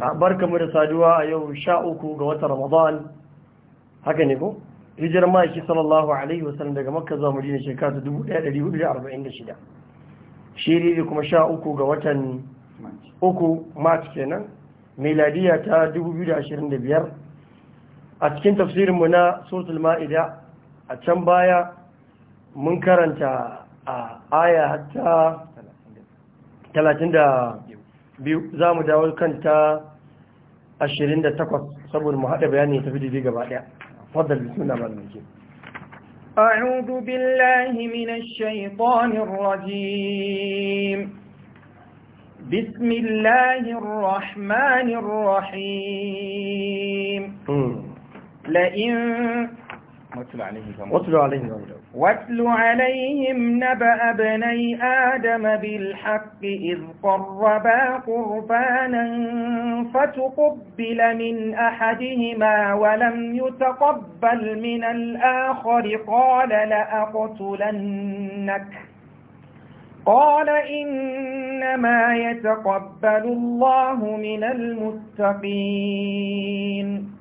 Ah, barka mu da saduwa a yau sha uku ga watan ramadan haka ne ko hijirar ma'aiki sallallahu alaihi wasallam daga makka zuwa madina shekara ta 1446 shiri da kuma sha uku ga watan uku march kenan meladiya ta 2025 a cikin tafsirinmu na suratul ma'ida a can baya mun karanta a ah, aya ta biyu za mu dawo kanta 28 saboda mu haɗa bayani tafi daidai gaba ɗaya fadal bismillah malamin ke أعوذ بالله من الشيطان الرجيم بسم الله الرحمن الرحيم لئن واتل عليهم واتل عليهم واتل عليهم نبأ ابني آدم بالحق إذ قربا قربانا فتقبل من أحدهما ولم يتقبل من الآخر قال لأقتلنك قال إنما يتقبل الله من المتقين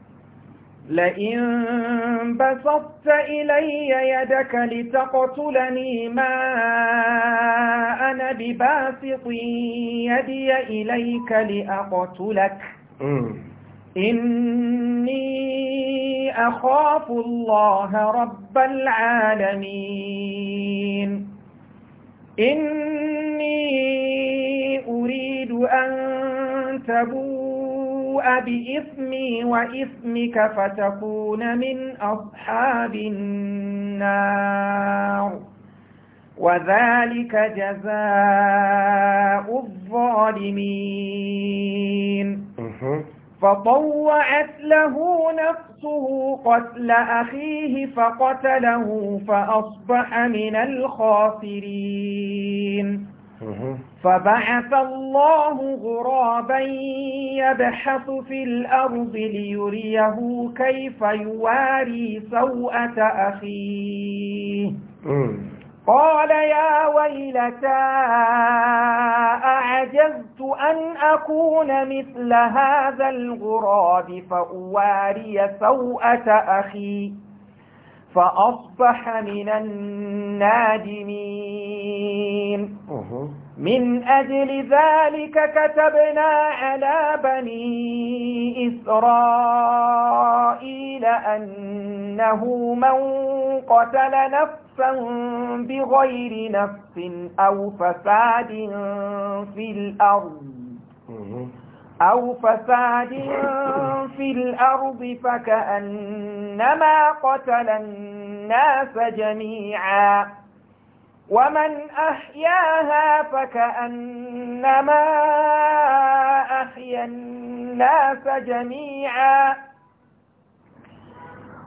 لئن بسطت إلي يدك لتقتلني ما أنا بباسط يدي إليك لأقتلك إني أخاف الله رب العالمين إني أريد أن تبوح بإثمي وإثمك فتكون من أصحاب النار وذلك جزاء الظالمين فطوعت له نفسه قتل أخيه فقتله فأصبح من الخاسرين فبعث الله غرابا يبحث في الأرض ليريه كيف يواري سوءة أخيه قال يا ويلتى أعجزت أن أكون مثل هذا الغراب فأواري سوءة أخي فأصبح من النادمين من أجل ذلك كتبنا على بني إسرائيل أنه من قتل نفسا بغير نفس أو فساد في الأرض أو فساد في الأرض فكأنما قتل الناس جميعا ومن أحياها فكأنما أحيا الناس جميعا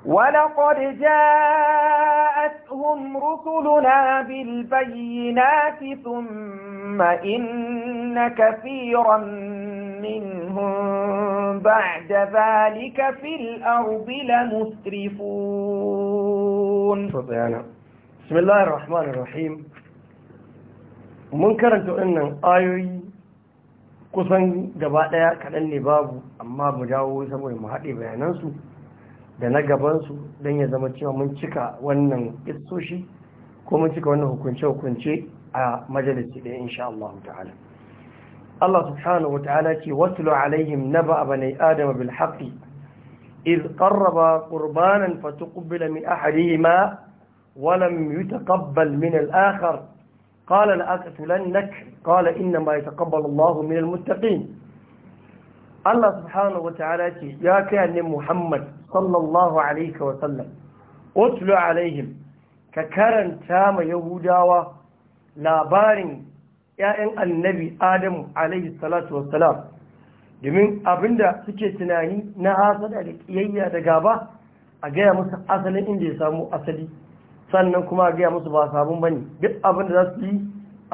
ولقد جاءتهم رسلنا بالبينات ثم إن كثيرا منهم بعد ذلك في الأرض لمسرفون بسم الله الرحمن الرحيم mun karanta wannan ayoyi kusan gaba ɗaya kaɗan ne babu amma mu jawo saboda mu haɗe bayanansu da na gabansu don ya zama cewa mun cika wannan istoshi ko mun cika wannan hukunce-hukunce a majalisi ɗaya insha Allah ta'ala الله سبحانه وتعالى واتل عليهم نبأ بني آدم بالحق إذ قرب قربانا فتقبل من أحدهما ولم يتقبل من الآخر قال لأقتلنك قال إنما يتقبل الله من المتقين الله سبحانه وتعالى يا كان محمد صلى الله عليه وسلم اتل عليهم ككرن تام يهوداوة لابارن 'ya'yan annabi adamu alaihi salatu wassalam domin abinda suke tunani na hasada da kiyayya da gaba a gaya musu asalin inda ya samu asali sannan kuma a gaya musu ba sabon bane duk abinda za su yi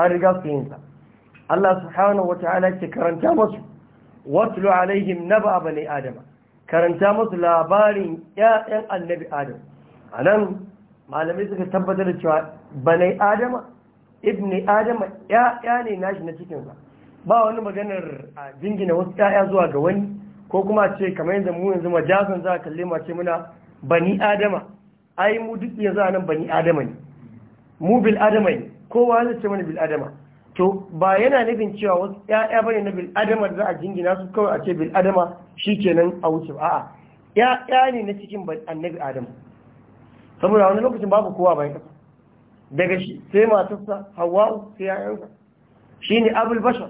an riga su yin sa Allah subhanahu Ta'ala ke karanta musu watlu alaihim naba bani adama karanta musu labarin 'ya'yan annabi adam anan malamai suka tabbatar da cewa bani adama ibn adam ya ne nashi na sa ba wani maganar a jingina wasu ya zuwa ga wani ko kuma ce kamar yanzu mu yanzu majasan za a kalle ma ce muna bani adama ai mu duk yanzu anan nan bani adama ne mu bil adama ne kowa zai ce mana bil adama to ba yana nufin cewa wasu ya bane na bil adama da za a jingina su kawai a ce bil adama shikenan a wuce ba? a'a ya ne na cikin annabi adam saboda wani lokacin babu kowa bai kasa daga shi sai matarsa hawa'u sai yayansa shi ne abul bashar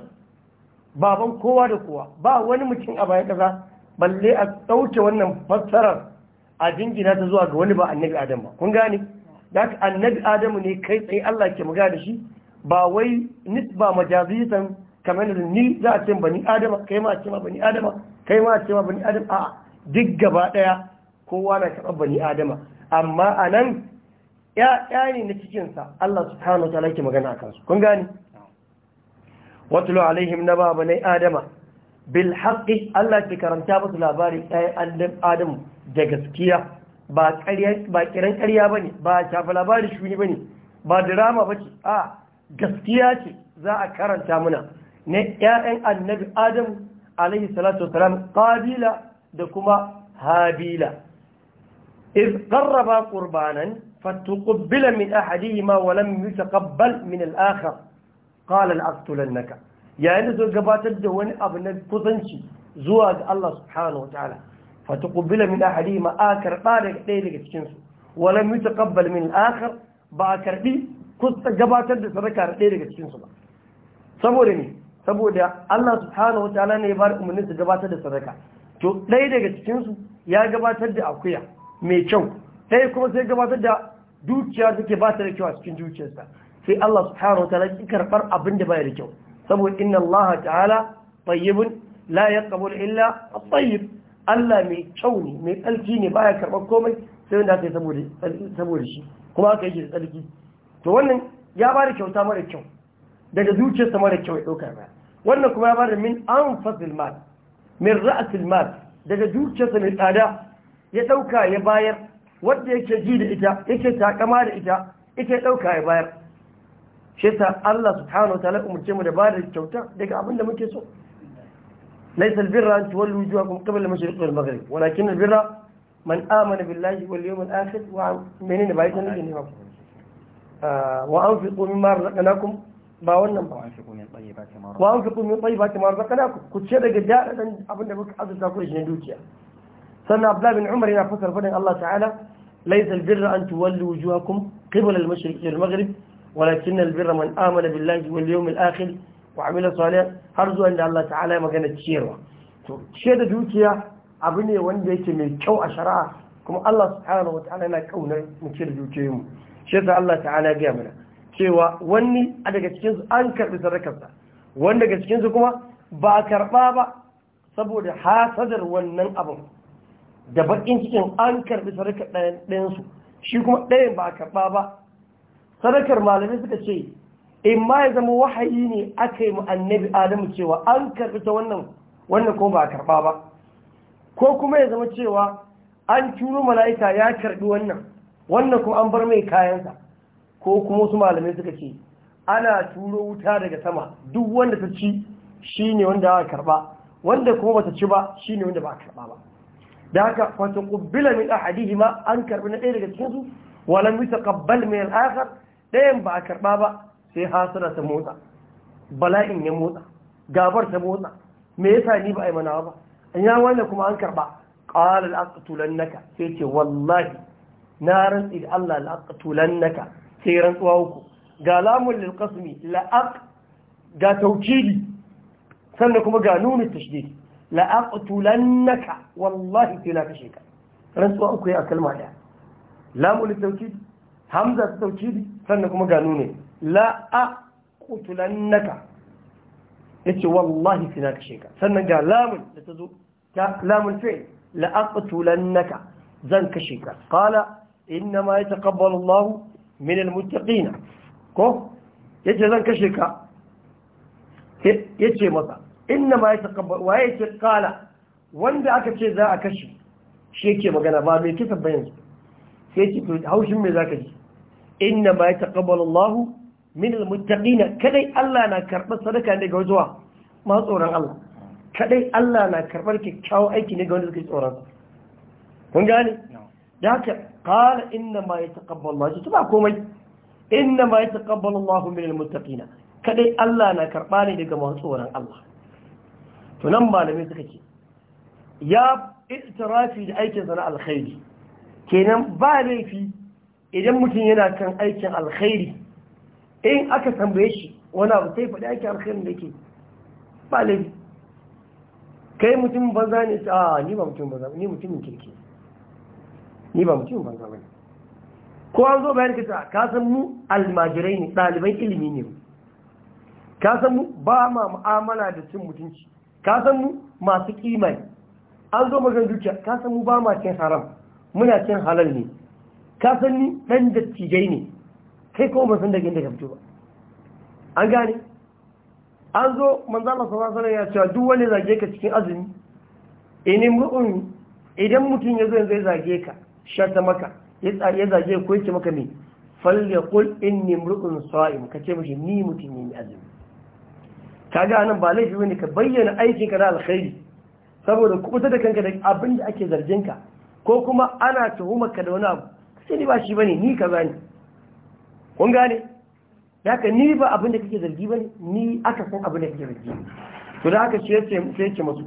baban kowa da kowa ba wani mutum a bayan kaza balle a ɗauke wannan fassarar a jingina ta zuwa ga wani ba annabi adam ba kun gane da annabi adamu ne kai tsaye Allah ke magana da shi ba wai nisba majazisan kamar da ni za a ce bani adama kai ma a ce ma bani adama kai ma a ce ma bani adama a duk gaba ɗaya. kowa na karɓar bani adama amma a nan ya'ya ne na cikinsa Allah subhanahu ta ke magana a kansu kun gani Watulo, alaihim na ba bane adama bil haƙi. Allah ke karanta musu labari ɗaya adam da gaskiya ba kiran ƙarya ba ne. ƙarya bane ba shafa labari shuni ba ne. ba drama ce. a gaskiya ce za a karanta muna na ƴaƴan annabi adam alaihi salatu wasalam qabila da kuma habila iz qarraba qurbanan فتقبل من أحدهما ولم يتقبل من الآخر قال الأقتلنك يعني ذو قبات الدوان أبنى كثنشي زواج الله سبحانه وتعالى فتقبل من أحدهما آخر قال ليلك تشنس ولم يتقبل من الآخر بآخر لي كث قبات الدوان ليلك تشنس سبورني saboda Allah subhanahu wataala ne ya bar umarnin su gabatar da sadaka to ɗaya daga cikin su ya gabatar da akuya mai kyau ɗaya kuma sai gabatar da dukiya suke ba ta da kyau a cikin dukiyarsa sai Allah subhanahu wataala ki karbar abin da bai da kyau saboda inna Allah ta'ala tayyibun la yaqbul illa at-tayyib Allah mai kyau ne mai tsarki ne baya karbar komai sai wanda aka saboda saboda shi kuma aka yi da tsarki to wannan ya ba da kyauta mara kyau daga zuciyarsa mara kyau ya dauka ba wannan kuma ya ba da min anfasil mal min ra'sil mal daga zuciyarsa mai tsada ya dauka ya bayar wadda yake ji da ita yake ta takama da ita yake ɗauka ya bayar shi ta Allah subhanahu wataala umurce mu da bada kyauta daga abin da muke so laysa albirra an tuwallu wujuhakum qibla al-mashriq wal maghrib walakin albirra man amana billahi wal yawmil akhir wa minin baytan ne ba ah, wa ba wannan ba wa anfiqu min tayyibati ma razaqnakum ku ce daga dadan abin da muka azurta ku shi ne sannan abdullahi umar yana fasar fadin Allah ta'ala laisa birra an tuwallu wujuhakum qibla al-mashriq wal maghrib walakin albirra birra man amana billahi wal yawmil akhir wa amila salih har zuwa inda Allah ta'ala ya magana ciyarwa to da dukiya abu ne wanda yake mai kyau a shari'a kuma Allah subhanahu wa yana kaunar mu ciyar dukiyoyinmu shi yasa Allah ta'ala ya mana cewa wani a daga cikinsu an karɓi sadakarsa wani daga cikinsu kuma ba karɓa ba saboda hasadar wannan abin da bakin cikin an karbi sadakar ɗayan ɗayansu, shi kuma ɗayan ba karɓa ba sadakar malamai suka ce in ma ya zama wahayi ne aka yi mu annabi adamu cewa an karɓi ta wannan wannan kuma ba a karɓa ba ko kuma ya zama cewa an turo mala'ika ya karɓi wannan wannan kuma an bar mai kayansa ko kuma wasu malamai suka ce ana turo wuta daga sama duk wanda ta ci shi ne wanda aka karɓa wanda kuma bata ci ba shi ne wanda ba a karɓa ba da haka fata kubbila min ahadihima an karbi na ɗaya daga cikin su walam yusa qabbal min al-akhar ɗayan ba a karba ba sai hasara ta motsa bala'in ya motsa gabar ta motsa me yasa ni ba a yi manawa ba ina wannan kuma an karba qala al-aqtulannaka sai ce wallahi na rantsi da Allah al-aqtulannaka sai rantsuwa uku ga lamun lil qasmi la ga tawkili sannan kuma ga nunu tashdid la'aqtulannaka wallahi sai na kashe ka rantsuwa uku ya kalma daya lamul sauki hamza ta tawkidi sannan kuma ga nune ya ce wallahi sai na kashe ka sannan ga lamun da ta zo ta lamun fi'l la'aqtulannaka zan kashe ka qala ya yataqabbalu Allahu min almuttaqina ko ya ce zan kashe ka ce masa inna ma yataqabbal wa ce kala wanda aka ce za a kashe shi yake magana ba mai kisan ba yanzu sai ce to haushin me ka ji inna ma yataqabbalu Allahu min almuttaqin kadai Allah na karbar sadaka ne ga wajewa ma tsoron Allah kadai Allah na karbar kikkiawan aiki ne ga wanda suka yi tsoron kun gane da haka qala inna ma yataqabbalu Allahu to ba komai inna ma yataqabbalu Allahu min almuttaqin kadai Allah na karba ne daga masu tsoron Allah to nan malamai suka ke ya itirafi da aikinsa na alkhairi kenan ba laifi idan mutum yana kan aikin alkhairi in aka tambaye shi wani abu sai faɗi aikin alkhairi da ke ba laifi kai mutum banza ne a ni ba mutum banza ni mutumin kirki ni ba mutumin banza ba ne ko an zo bayan kasa ka san mu almajirai ne ɗaliban ilimi ne ka san mu ba ma mu'amala da cin mutunci ka san mu masu kimai an zo magan dukiya ka san mu ba ma cin haram muna cin halal ne ka san ni dan dattijai ne kai ko ba san da inda ka fito ba an gane an zo manzo Allah sallallahu alaihi wasallam ya ce duk wanda zage ka cikin azumi ini mu'min idan mutum ya zo yanzu ya zage ka shata maka ya zage ko yake maka me falyaqul inni mru'un sa'im kace mishi ni mutum ne azumi kaga nan ba laifi bane ka bayyana aikin ka na alkhairi saboda kubuta da kanka da abin da ake zargin ka ko kuma ana tuhumar ka da wani abu sai ni ba shi bane ni ka bani kun gane haka ni ba abin da kake zargi bane ni aka san abin da kake zargi to da haka shi yace sai yace musu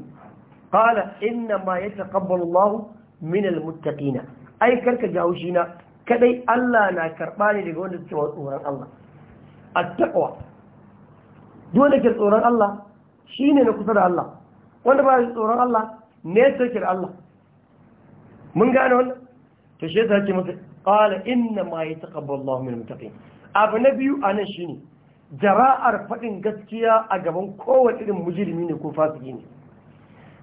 qala inna ma yataqabbalu Allah min almuttaqina ai karka jawo shi na kadai Allah na karba ne daga wanda suke tsoron Allah at-taqwa duk ke tsoron Allah shi ne na kusa da Allah wanda ba shi tsoron Allah ne ya sauke da Allah mun gane wannan to shi yasa ce masa qala inna ma yataqabbalu Allahu min muttaqin abu na biyu a shi shine jara'ar faɗin gaskiya a gaban kowace irin mujirimi ne ko fasiki ne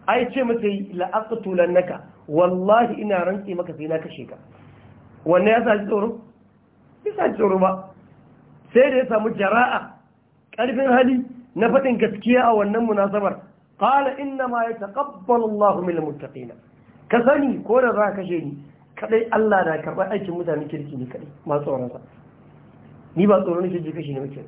ai ce masa la'aqtulan naka wallahi ina rantsi maka sai na kashe ka wannan ya saji tsoro ya saji tsoro ba sai da ya samu jara'a ƙarfin hali na faɗin gaskiya a wannan munasabar qala inna ma yataqabbalu Allahu min almuttaqin ka sani ko da za ka kashe ni kadai Allah na karɓar aikin mutanen kirki ne kadai ma tsoron sa ni ba tsoron shi kashe ne muke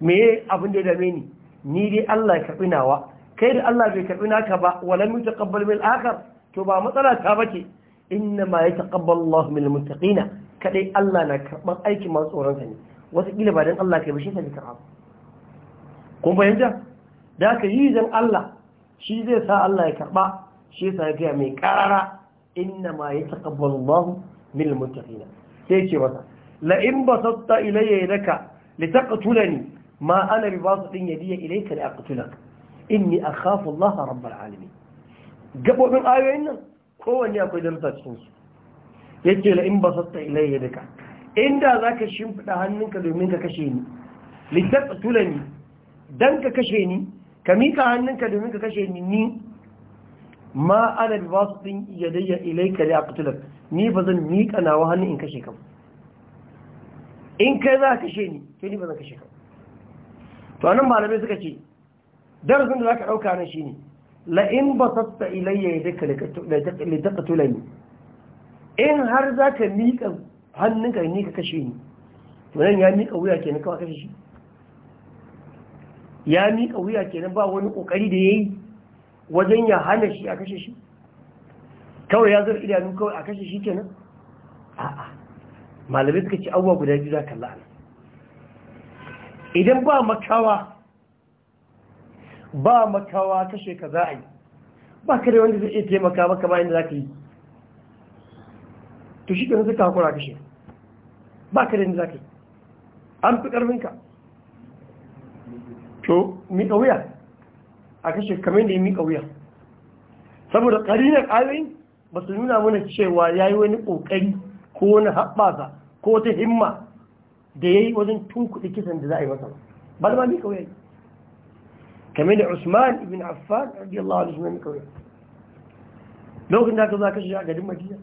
me abin da ya dame ni ni dai Allah ya karɓi nawa kai da Allah bai karɓi naka ba wala mu taqabbal bil akhar to ba matsala ta bace inna ma yataqabbalu Allahu min almuttaqin kadai Allah na karɓar aikin ma tsoron sa ne wata ƙila ba don Allah kai ba shi ta ka karɓa kun fahimta da aka yi zan Allah shi zai sa Allah ya karba shi yasa ya gaya mai karara inna ma yataqabbalu Allah min almuttaqina sai ce masa la ba basatta ilayya yadaka litaqtulani ma ana bi basatin yadiya ilayka In ni a akhafu Allah rabbar alamin gabobin ayoyin nan kowanne akwai darsa cikin su yake la ba basatta ilayya yadaka inda ka shimfiɗa hannunka domin ka kashe ni litaqtulani dan ka kashe ni ka mika hannunka domin ka kashe ni ni ma ana bi basu din yadayya ilaika li aqtulak ni ba zan mika nawa hannun in kashe ka in kai za ka kashe ni kai ni ba zan kashe ka to anan malamai suka ce darasin da zaka dauka nan shine la in basatta ilayya yadaka li taqtulani in har zaka mika hannunka ni ka kashe ni to nan ya mika wuya kenan kawai kashe shi ya miƙa wuya kenan ba wani ƙoƙari da ya yi wajen ya hana shi a kashe shi kawai ya zara idanu kawai a kashe shi kenan a'a malamai suka ce abuwa guda biyu za ka la'ana idan ba makawa ba makawa kashe ka za a yi ba kare wanda zai iya taimaka maka bayan da za ka yi to shi kenan suka hakura kashe ba kare wanda za ka yi an fi ƙarfinka to miƙa wuya a kashe kamar da ya miƙa wuya saboda ƙarinar ayoyin ba su nuna mana cewa ya yi wani ƙoƙari ko wani haɓasa ko wata himma da ya yi wajen tun kuɗi kisan da za a yi masa ba da ma miƙa wuya kamar da usman ibn affan radiyallahu alaihi wasallam miƙa wuya lokacin da aka zo kashe a gadin madina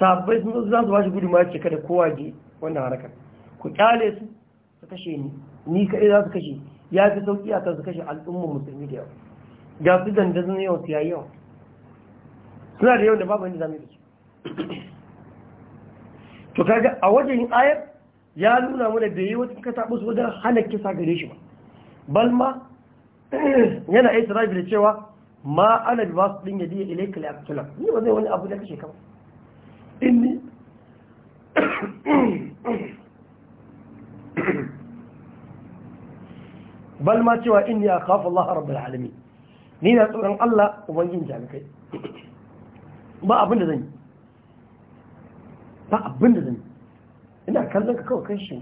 sabbai sun za su bashi gudunmawa ce kada kowa je wannan harakar ku kyale su su kashe ni ni kaɗai za su kashe ya fi sauƙi a kan su kashe al'ummar musulmi da yau ga su zan yau su yayi yau suna da yau da babu yadda zamu da su to kaga a wajen ayar ya nuna mana da bai yi wata kasa musu wajen hana kisa gare shi ba balma yana aiki rabi da cewa ma ana bi ba su ɗin yadda ya ilaika a aktulam ni ba zai wani abu da kashe kama inni bal ma cewa inni akhafu Allah rabbul alamin ni na tsoron Allah ubangin jami'ai ba abin da zan yi ba abin da zan yi ina kallon ka kawai kan shi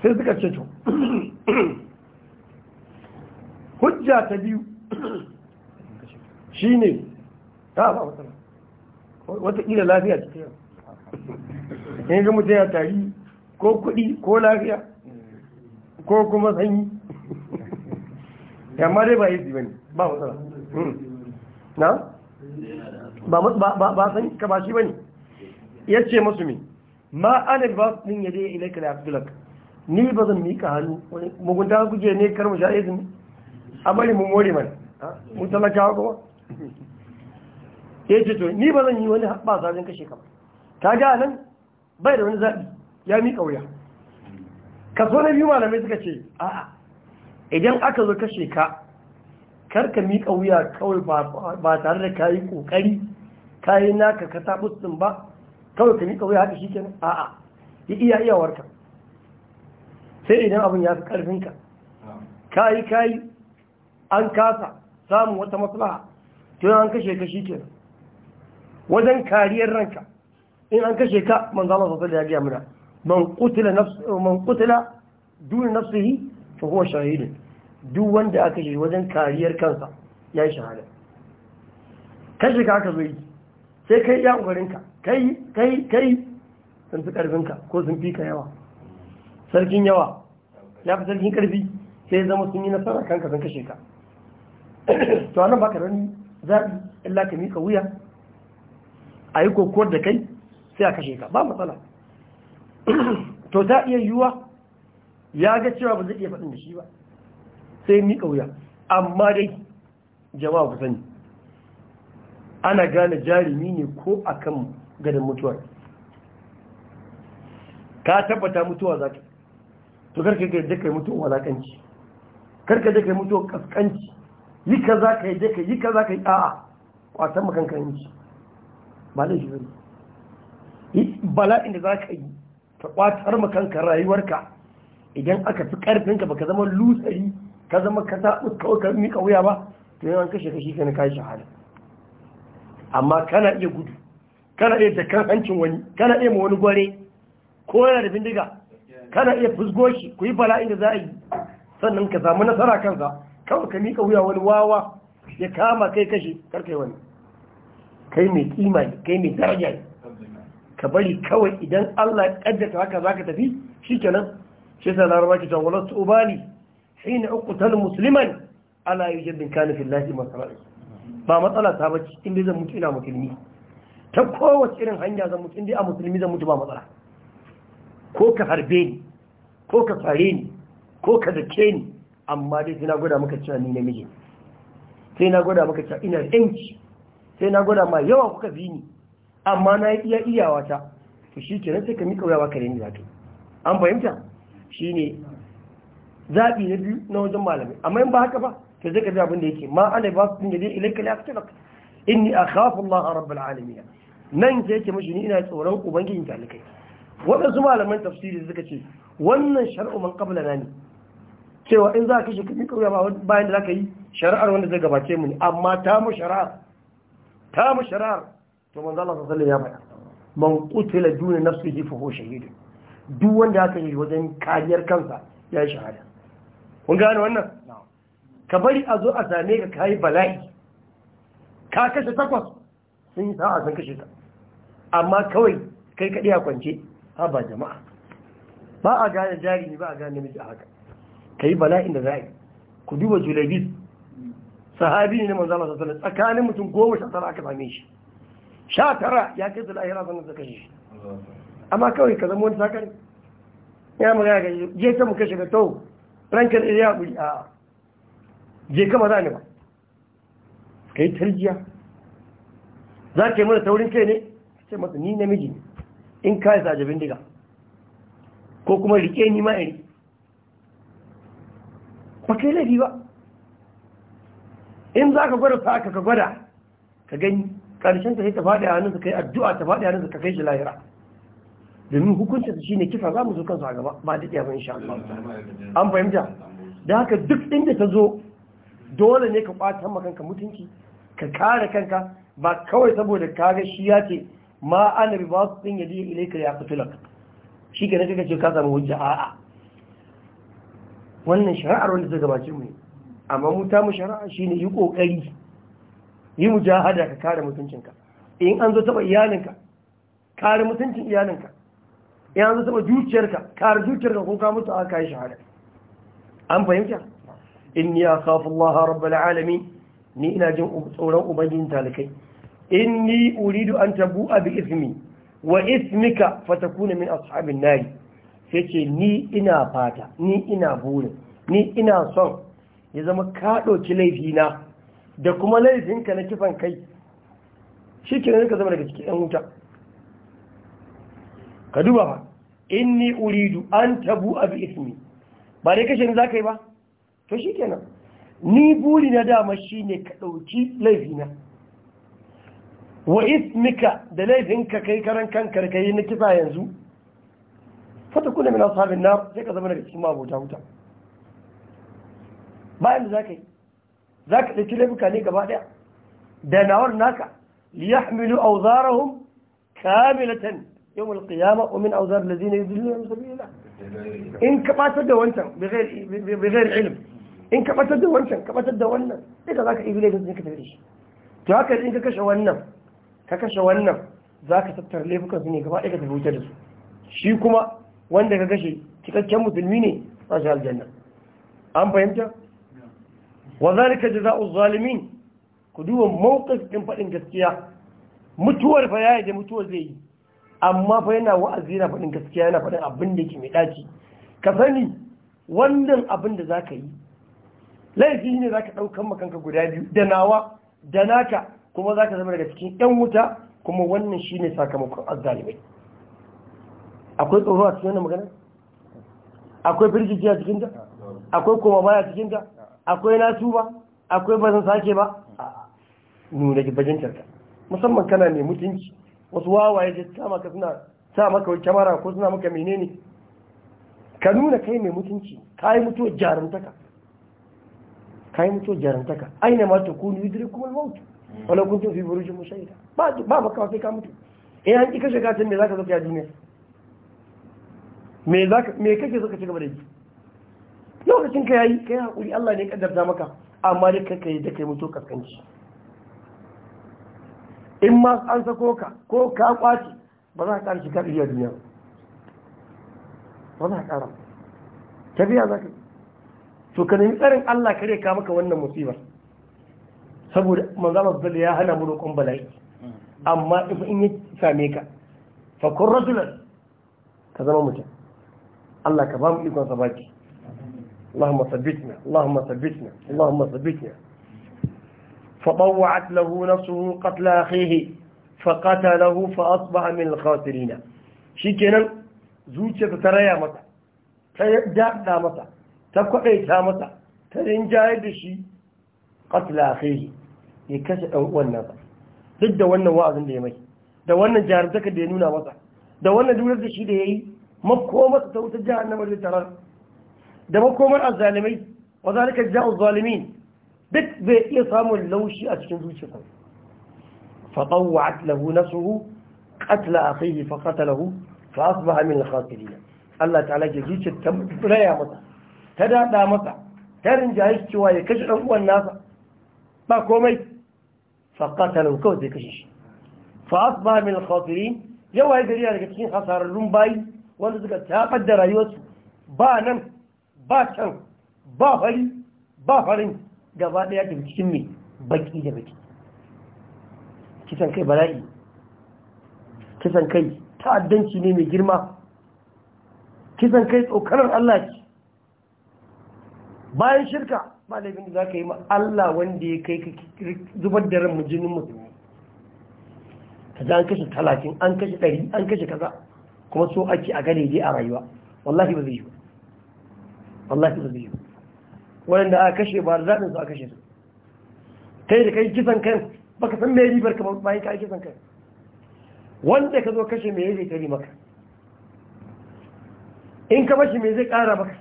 sai suka ce to hujja ta biyu shi ne ta ba wata watakila lafiya ta yau in ga mutum ya tari ko kuɗi ko lafiya ko kuma sanyi yamma dai ba yi bane ba matsala hmm. na ba sanyi ka ba shi bane ya ce masu mi. ma anil ba su ninye dai ilaika da abdullak ni ba zan mika hannu mugunta guje ne karmu sha izini a bari mu more mana mu talakawa kuma ya ce to ni ba zan yi wani ba sa zan kashe ka ba ta ga nan bai da wani zaɓi ya mika wuya Ka zo na biyu malamai suka ce a'a idan aka zo kashe ka karka miƙa wuya kawai ba tare da kayi ƙoƙari kayi naka ka sun ba kawai ka miƙa wuya haka shi kenan a'a Yi iya iyawarka sai idan abin ya fi ƙarfinka kayi kayi an kasa samun wata maslaha to an kashe ka shi kenan wajen kariyar ranka in an kashe ka manzo sosai da ya gaya mana man qutila nafs man qutila dun nafsihi fa huwa shahidun duk wanda aka yi wajen kariyar kansa yayi shahada kai shiga aka zo yi sai kai ya ugarinka kai kai kai sun fi ƙarfinka ko sun fi ka yawa sarkin yawa ya fi sarkin ƙarfi sai zama sun yi nasara kanka sun kashe ka to anan baka rani zaɓi illa ka mika wuya a yi kokowar da kai sai a kashe ka ba matsala to ta iya yiwuwa ya ga cewa ba zai iya faɗin da shi ba sai mi ƙauya amma dai jama'a ku sani ana gane jarumi ne ko a kan gadon mutuwar ka tabbata mutuwa za ka to karka ga yadda kai mutuwa walakanci karka da kai mutuwa kaskanci yi ka za ka yi da ka yi ka za ka yi a'a kwatan makankan yanci ba da shi bane bala'in da za ka yi ka kwatar ma kanka rayuwarka idan aka fi karfinka baka zama lusari ka zama ka sa kawai ka mika wuya ba to yawan kashe kashi ka na kashi hali amma kana iya gudu kana iya jakan hancin wani kana iya ma wani gware ko yana da bindiga kana iya fusgo shi ku yi bala'in da za a yi sannan ka samu nasara kansa kawai ka mika wuya wani wawa ya kama kai kashe karkai wani kai mai kima kai mai daraja ka bari kawai idan Allah kaddata haka za ka tafi shikenan shi yasa laraba ke cewa wala tubali hina uqtal Musulman, ala yujibin kana fillahi masalahi ba matsala ta bace in dai zan mutu ina musulmi ta kowace irin hanya zan mutu in dai a musulmi zan mutu ba matsala ko ka harbe ni ko ka fare ni ko ka dake ni amma dai sai na gwada maka cewa ni namiji sai na gwada maka cewa ina yanci sai na gwada ma yawa kuka bi ni amma na iya iyawa ta to shi kenan sai ka mika wuyawa kare ni zato an fahimta Shi ne. zaɓi na biyu na wajen malamai amma in ba haka ba to zai ka ji abin da yake ma ana ba su ne ilaika la yakturak inni akhafu Allah rabbul alamin nan sai yake mashi ni ina tsoron ubangijin talikai waɗansu malaman tafsiri suka ce wannan shar'u man qabla na ne cewa in za a ka shi kaji ba bayan da za ka yi shari'ar wanda zai gabace mu ne amma ta mu shari'ar ta mu shari'ar to manzo Allah sallallahu ya faɗa man qutila na su fa huwa shahidu. duk wanda aka yi wajen kariyar kansa ya yi shahada kun gane wannan ka bari a zo a same ka kayi bala'i ka kashe takwas sun yi sa'a sun kashe ta amma kawai kai kaɗi a kwance ha ba jama'a ba a gane jari ne ba a gane miji a haka ka yi bala'in da za ku duba julebis hmm. sahabi ne na manzala sassanin tsakanin mutum goma sha aka same shi sha tara ya kai su lahira sannan suka kashe amma kawai ka zama wani sakari ya magana ga je ta mu kashe ta'u?" to ranka da ya buri a je ka ba za ni ba yi tarjiya za ka yi mana taurin kai ne ce masa ni namiji ne in ka yi jabin diga ko kuma rike ni ma iri ba kai laifi ba in za ka gwada sa ka gwada ka gani karshen ta sai ta faɗi a hannunsa kai addu'a ta faɗi a hannunsa ka kai shi lahira domin hukuncin shi shine kifa za mu zo kansu a gaba ba da ba insha Allah an fahimta da haka duk inda ta zo dole ne ka kwata ma kanka mutunci ka kare kanka ba kawai saboda kaga shi ya ce ma annabi ba su din yaji ilaika ya fitulak shi ke ka ce ka samu hujja a'a wannan shari'ar wanda ta gabace mu amma mu ta mu shari'a shine yi kokari yi mujahada ka kare mutuncinka in an zo taba iyalinka kare mutuncin iyalinka in an zo taba juciyarka, kare juciyarka ko ka mutu aka yi shahada an fahimta inni akhafu Allah rabbul alamin ni ina jin tsoron ubangijin talakai inni uridu an tabu'a bi ismi wa ismika fatakuna min ashabin nari sai ce ni ina fata ni ina burin ni ina son ya zama ka ɗauki laifina da kuma laifinka na kifan kai shi ke ka zama daga cikin 'yan wuta ka duba ba inni uridu an tabu bi ismi ba dai kashe ni za ka yi ba to shi kenan ni buri na dama shi ne ka ɗauki laifina wa ismika da laifinka kai karan kankar ka yi na kisa yanzu fata kuna mina sabin na sai ka zama daga cikin mabuta wuta bayan da za ka yi za ka ɗauki laifuka ne gaba ɗaya da nawar naka liyahmilu auzarahum kamilatan yawmul qiyama wa min auzar allazina yudilluna an sabilillah in ka batar da wancan bi ghairi ilm in ka batar da wancan ka batar da wannan duka zaka ibi laifin ne ka tafi shi to haka in ka kashe wannan ka kashe wannan zaka tattara laifukan su ne gaba ɗaya ka tafi wuce da su shi kuma wanda ka kashe cikakken musulmi ne za shi aljanna an fahimta wa zalika jaza'u zalimin ku duba mawqif din fadin gaskiya mutuwar fa yayi da mutuwar zai yi amma fa yana wa'azi na fadin gaskiya yana fadin abin da yake mai daci ka sani wannan abin da zaka yi laifi ne zaka daukan makanka guda biyu da nawa da naka kuma zaka zama daga cikin yan wuta kuma wannan shine sakamakon azzalimai akwai tsoro a cikin wannan magana akwai firgici a cikinta akwai koma baya cikinta akwai na tuba akwai ba zan sake ba nuna bajintar ka musamman kana ne mutunci wasu wawaye ce ta maka suna sa maka kyamara ko suna maka menene ka nuna kai mai mutunci ka yi mutuwa jarumtaka ka yi mutuwa jarumtaka aina ma ta kunu yudiri kuma mautu wala kun tun fi burushin mushaida ba maka sai ka mutu in eh, an ƙi kashe katin me za ka zaka ya duniya me kake zaka ci gaba da yi lokacin ka yayi kai hakuri Allah ne ya kaddarta maka amma duk kai da kai mutu kaskanci in ma an sako ka ko ka kwaci ba za ka ƙara shiga iya duniya ba za ka ƙara tafiya za ka yi to ka nemi tsarin Allah kare ka maka wannan musibar saboda manzo Abdul ya hana mu roƙon bala'i amma in ya same ka fa kun rajulan ka zama mutum Allah ka ba mu ikon sabaki اللهم ثبتنا اللهم ثبتنا اللهم ثبتنا فطوعت له نفسه قتل أخيه فقتله فأصبح من الخاسرين شكرا زوجة تريا متى تيبدأ متى تقعيتها متى ترنجا يدشي قتل أخيه يكسر أول نظر ضد وانا وعظ ليمي da wannan jarumtaka da ya nuna masa da wannan dunar da shi da ya yi makomarsa ta wuta jihar na majalitarar da makomar azzalimai wa zalika jaza'u zalimin duk bai iya samun laushi a cikin zuciyarsa fa tawwa'at lahu nafsuhu qatla akhihi fa qatalahu fa asbaha min al-khasirin Allah ta'ala ke zuciyar ta raya masa ta dada masa ta rinjaye cewa ya kashe dan uwan nasa ba komai fa qatalahu kawai zai kashe shi fa asbaha min al-khasirin yawa ya gari daga cikin hasararrun bayi wanda suka tabar da rayuwarsu ba nan ba can ba fari ba farin gaba daya da cikin mai baki da baki kisan kai bala'i kisan kai ta'addanci ne mai girma kisan kai tsokanar Allah ce bayan shirka ba laifin da za ka yi ma Allah wanda ya kai zubar da ran mujinin musulmi ta za an kashe talatin an kashe ɗari an kashe kaza kuma so ake a gane dai a rayuwa wallahi ba zai yi ba wallahi yi zai waɗanda aka kashe ba da zaɓin su aka kashe su kai da kai kisan kan baka san mai ribar ba bayan ka kisan kan wanda ka zo kashe mai zai kari maka in ka bashi mai zai ƙara maka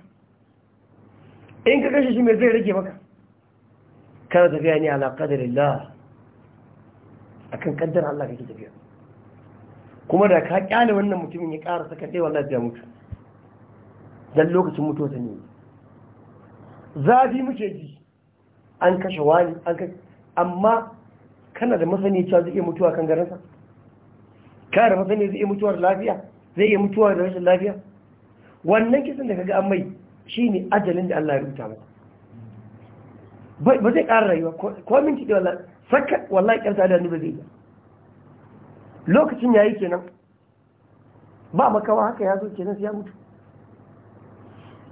in ka kashe shi mai zai rage maka kana tafiya ne ala Allah akan kaddar Allah kake tafiya kuma da ka kyale wannan mutumin ya ƙara saka dai wallahi ya mutu dan lokacin mutuwa ne zafi muke ji an kashe wani an kashe amma kana da masani cewa zai iya mutuwa kan garinsa kana da masani zai iya mutuwar lafiya zai iya mutuwa da rashin lafiya wannan kisan da kaga an mai shine ajalin da Allah ya rubuta masa ba zai ƙara rayuwa ko min ci wallahi saka wallahi ƙarta da ba zai yi lokacin yayi kenan ba makawa haka ya zo kenan sai ya mutu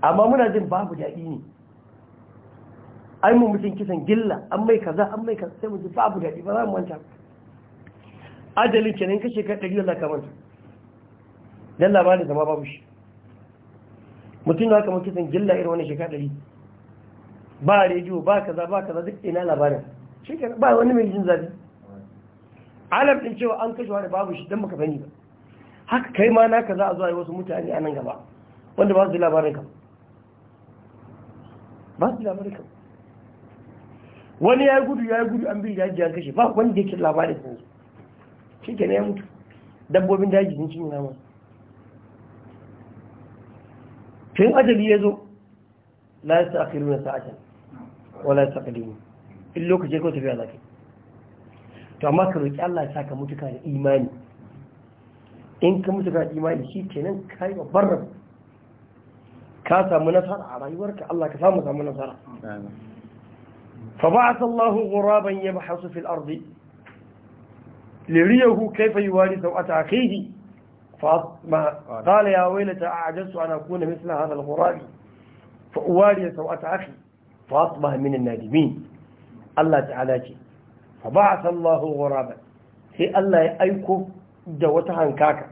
amma muna jin babu daɗi ne ai mu mutum kisan gilla an mai kaza an mai kaza sai mu ji babu daɗi ba za mu wanta ajalin kenan kashe ka ɗari da ka manta dan labarin zama babu shi mutum ya kamar kisan gilla irin wani shekara ɗari ba rediyo ba kaza ba kaza duk ina labarin shekara ba wani mai jin zafi alam ɗin cewa an kashe wani babu shi don baka sani ba haka kai ma naka za a zuwa yi wasu mutane a nan gaba wanda ba su labarin ka ba su labarin ka wani ya yi gudu ya yi gudu an bin daji an kashe ba wanda yake labarin yanzu shi ke ya mutu dabbobin daji sun cin nama tun ajali ya zo la ya sa akiru na sa'atan wala ya sa kalimu in lokaci ko tafiya zaki to amma ka roƙi Allah ya saka mutuka da imani in ka mutuka da imani shi kenan yi babbar ka samu nasara a rayuwarka Allah ka samu samu nasara فبعث الله غرابا يبحث في الأرض ليريه كيف يواري سوءة أخيه قال يا ويلة أعجزت أن أكون مثل هذا الغراب فأواري سوءة أخي فأصبح من النادمين الله تعالى جي فبعث الله غرابا في الله أيكم aiko انكاكا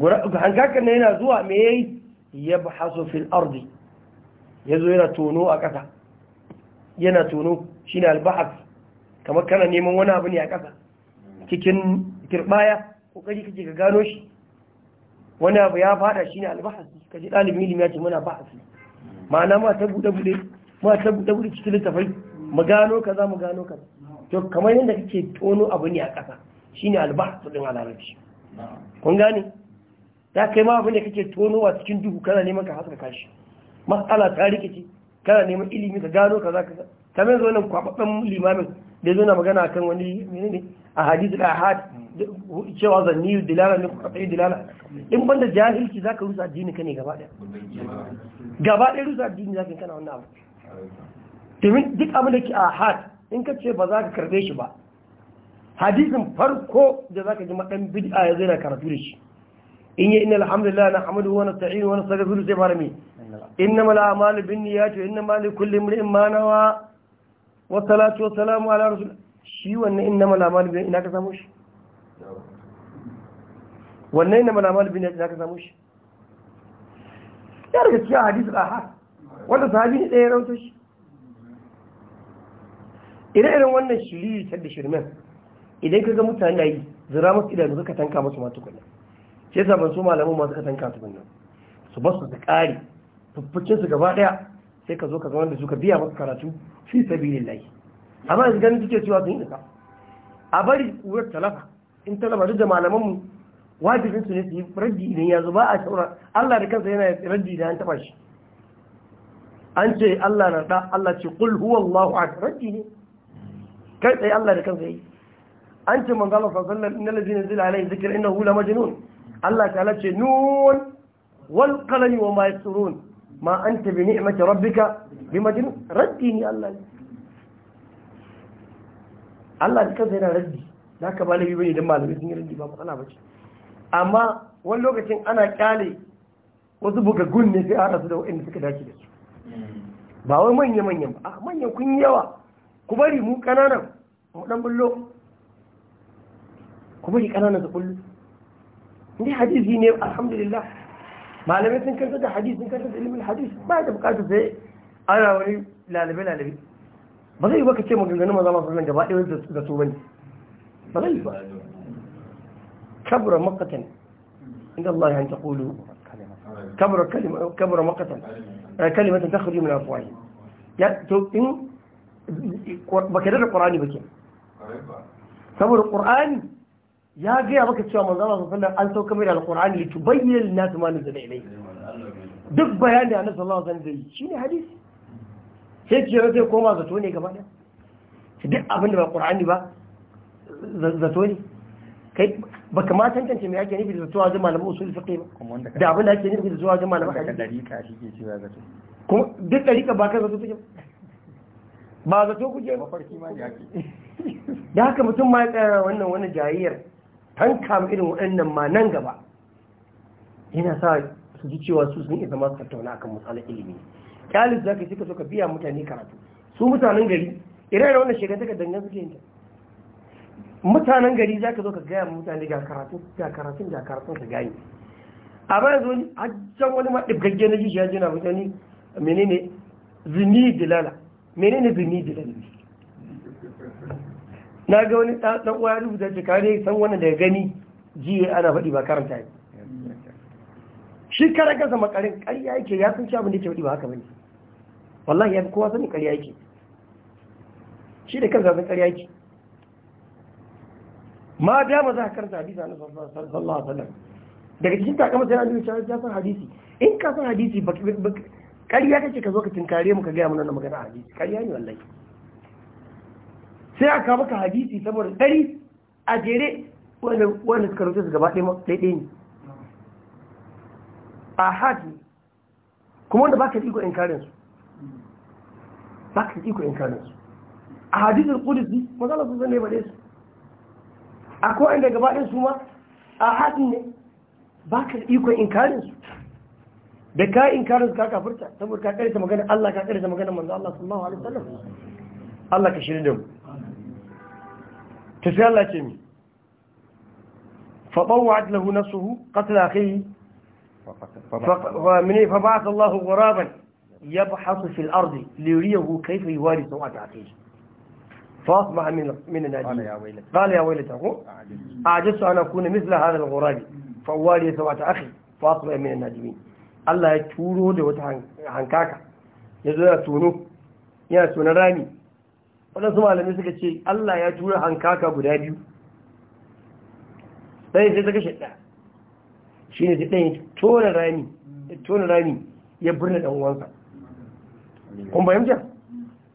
wata hankaka hankaka مي يبحث في الأرض ya zo yana tono a ƙasa yana tono shi ne albahar kamar kana neman wani abu ne a ƙasa cikin kirɓaya ƙoƙari kake ka gano shi wani abu ya fada shi ne albahar ka ji ɗalibin ilimi ya ce muna bahar ma'ana ma ta buɗe-buɗe ma ta buɗe-buɗe cikin littafai mu gano kaza mu gano kaza to kamar yadda kake tono abu ne a ƙasa shi ne albahar ɗin a kun gane ya kai ma abu ne kake tonowa cikin duhu kana neman ka haskaka shi matsala ta rikici kana neman ilimi ka gano kaza kaza kamar zo nan kwababban limamin da zo na magana kan wani menene a hadisi da ahad cewa zanni dilala ne ka dilala in banda jahilci zaka rusa addini ka ne gaba ɗaya. gaba ɗaya rusa addini zaka kana wannan abu domin duk abin da ke ahad in ka ce ba za ka karbe shi ba hadisin farko da zaka ji madan bid'a ya zai na karatu da shi in yi inna alhamdulillah na wani wa wani wa nastaghfiru sai fara إنما الأعمال بالنيات وإنما لكل امرئ ما نوى والصلاة والسلام على رسول ka وأن إنما الأعمال بالنيات إنك ساموش وأن إنما الأعمال بالنيات إنك shi? ya daga cikin da ahad wanda sahabi ne ɗaya rautar shi ire-iren wannan shiri ta da shirmen idan ka ga mutane yi zira masu idanu suka tanka masu matukunan sai su malamu masu ka tanka su bannan su basu su ƙari fuffucin gaba ɗaya. sai ka zo ka ga wanda suka biya maka karatu fi sabilillah amma yanzu ganin kike cewa sun isa a bari wurin talafa in talafa duk da malamanmu, mu wajibin su ne su yi raddi idan ya zo ba a shaura Allah da kansa yana raddi da an taɓa shi an ce Allah na da Allah ce qul huwallahu a raddi ne kai tsaye Allah da kansa yi an ce manzo Allah sallallahu alaihi wasallam innal ladina zila alaihi dhikra innahu la majnun Allah ta'ala ce nun wal qalami wa ma yasurun ma anta bi ni'mati rabbika bi majnun raddi ni Allah ne. Allah da kansa yana raddi da haka malami bane dan malami sun yi raddi ba matsala ba ce amma wani lokacin ana kyale wasu bugaggun ne sai a rasu da waɗanda suka dace da su ba wai manya manya ba a manya kun yi yawa ku bari mu kananan mu dan bullo ku bari kananan su bullo ni hadisi ne alhamdulillah ما لم يتنكر تدى حديث من كانت علم الحديث ما يتبقى تفعي أنا ولي لا لبي لا لبي بغي وقت شيء مجمد أنه مضى الله صلى الله عليه وسلم قبائل وزد سوبني بغي كبر مقتا إن الله أن تقول كبر كلمة كبر مقتا آه، كلمة تخرج من أفواه يا تو إن بكرر القرآن بكرر كبر القرآن بكرر ya gaya maka cewa manzo Allah sallallahu alaihi an sauka mai alqur'ani li tubayyana lin-nas ma nuzila ilayhi duk bayani da Annabi sallallahu alaihi wasallam zai shine hadisi sai ki yaro ko koma zato ne gaba ɗaya duk abin da ba qur'ani ba zato ne kai baka ma tantance me ake nufi da zato wajen malaman usul fiqh ba da abin da ake nufi da zato wajen malaman hadisi dariƙa shi ke cewa zato kuma duk dariƙa ba ka zato take ba zato kuke ba farki ma ne ke da haka mutum ma ya tsaya wannan wani jayayyar tanka kama irin waɗannan ma nan gaba yana sa su ji cewa su sun isa masu tattauna akan matsalar ilimi kyalis za ka shi ka so ka biya mutane karatu su mutanen gari idan da wannan shekara ta dangan suke yin mutanen gari za ka zo ka gaya mutane ga karatun ga karatun ga karatun ka gani a baya zo can wani maɗibgaggen na jijiya jina mutane menene zini dilala menene zini dilala na ga wani ɗan uwa rubuta ce kare san wannan daga gani jiye ana faɗi ba karanta ne shi kare gasa makarin ƙarya yake ya san abin da ke faɗi ba haka bane wallahi ya fi kowa sani ƙarya yake shi da kansa san ƙarya yake ma ma za ka karanta hadisi na sallallahu alaihi daga cikin takama sai an shi ya san hadisi in ka san hadisi ƙarya kake ka zo ka tinkare mu ka gaya mana wannan magana hadisi ƙarya ne wallahi sai aka maka hadisi saboda dari a jere wanda suka rute su gaba ɗaiɗe ne a haji kuma wanda baka da iko inkarinsu baka da iko inkarinsu a hadisun kudusi mazala sun zane ba su a kowane da gaba ɗin su ma a haɗin ne baka da iko inkarinsu da ka inkarinsu ka kafurta saboda ka ƙarfi magana Allah ka ƙarfi magana manzo Allah sallallahu alaihi wasallam Allah ka shirin da mu tafi Allah ce mi faɓawar lahu nafsuhu فبعث الله غرابا يبحث في الأرض ليريه كيف يواري سوءة أخيه فأصبح من من النادي قال يا ويلته أعجزت أن أكون مثل هذا الغراب فواري سوءة أخي فأصبح من النادمين الله يتورو لوتا هنكاكا يزوى تونو يا سونا راني waɗansu malamai suka ce Allah ya tura hankaka guda biyu sai sai suka shaɗa shi ne zai ɗanyi tona rami ya tona rami ya birna ɗan uwansa kun bayyanta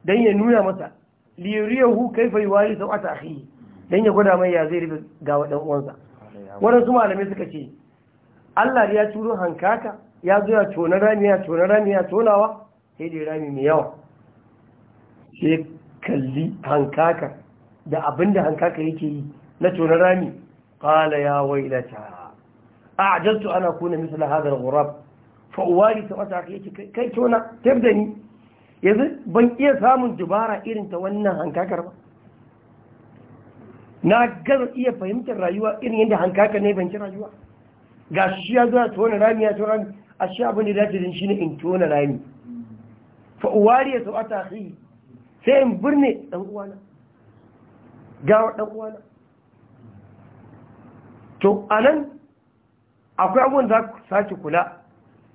don ya nuna masa liyariyahu kai fai wari sau ata ahi don ya gwada mai ya zai rufe gawa ɗan uwansa waɗansu malamai suka ce Allah ya turo hankaka ya zo ya tona rami ya tona rami ya tonawa sai dai rami mai yawa kalli hankaka da abinda hankaka yake yi na tonar rami qala ya wailata a'jaztu an ana mithla hadha al-ghurab Fa'uwari uwarith wa yake kai tona ni. yanzu ban iya samun dubara irin ta wannan hankakar ba na gaza iya fahimtar rayuwa irin yadda hankaka ne ban ci rayuwa ga shi ya zuwa tona rami ya tona rami a shi abin da dace din shine in tona rami Fa'uwari uwariya sau'ata akhi sai in birne ɗan uwana gawar ɗan uwana to a nan akwai abin za ku sake kula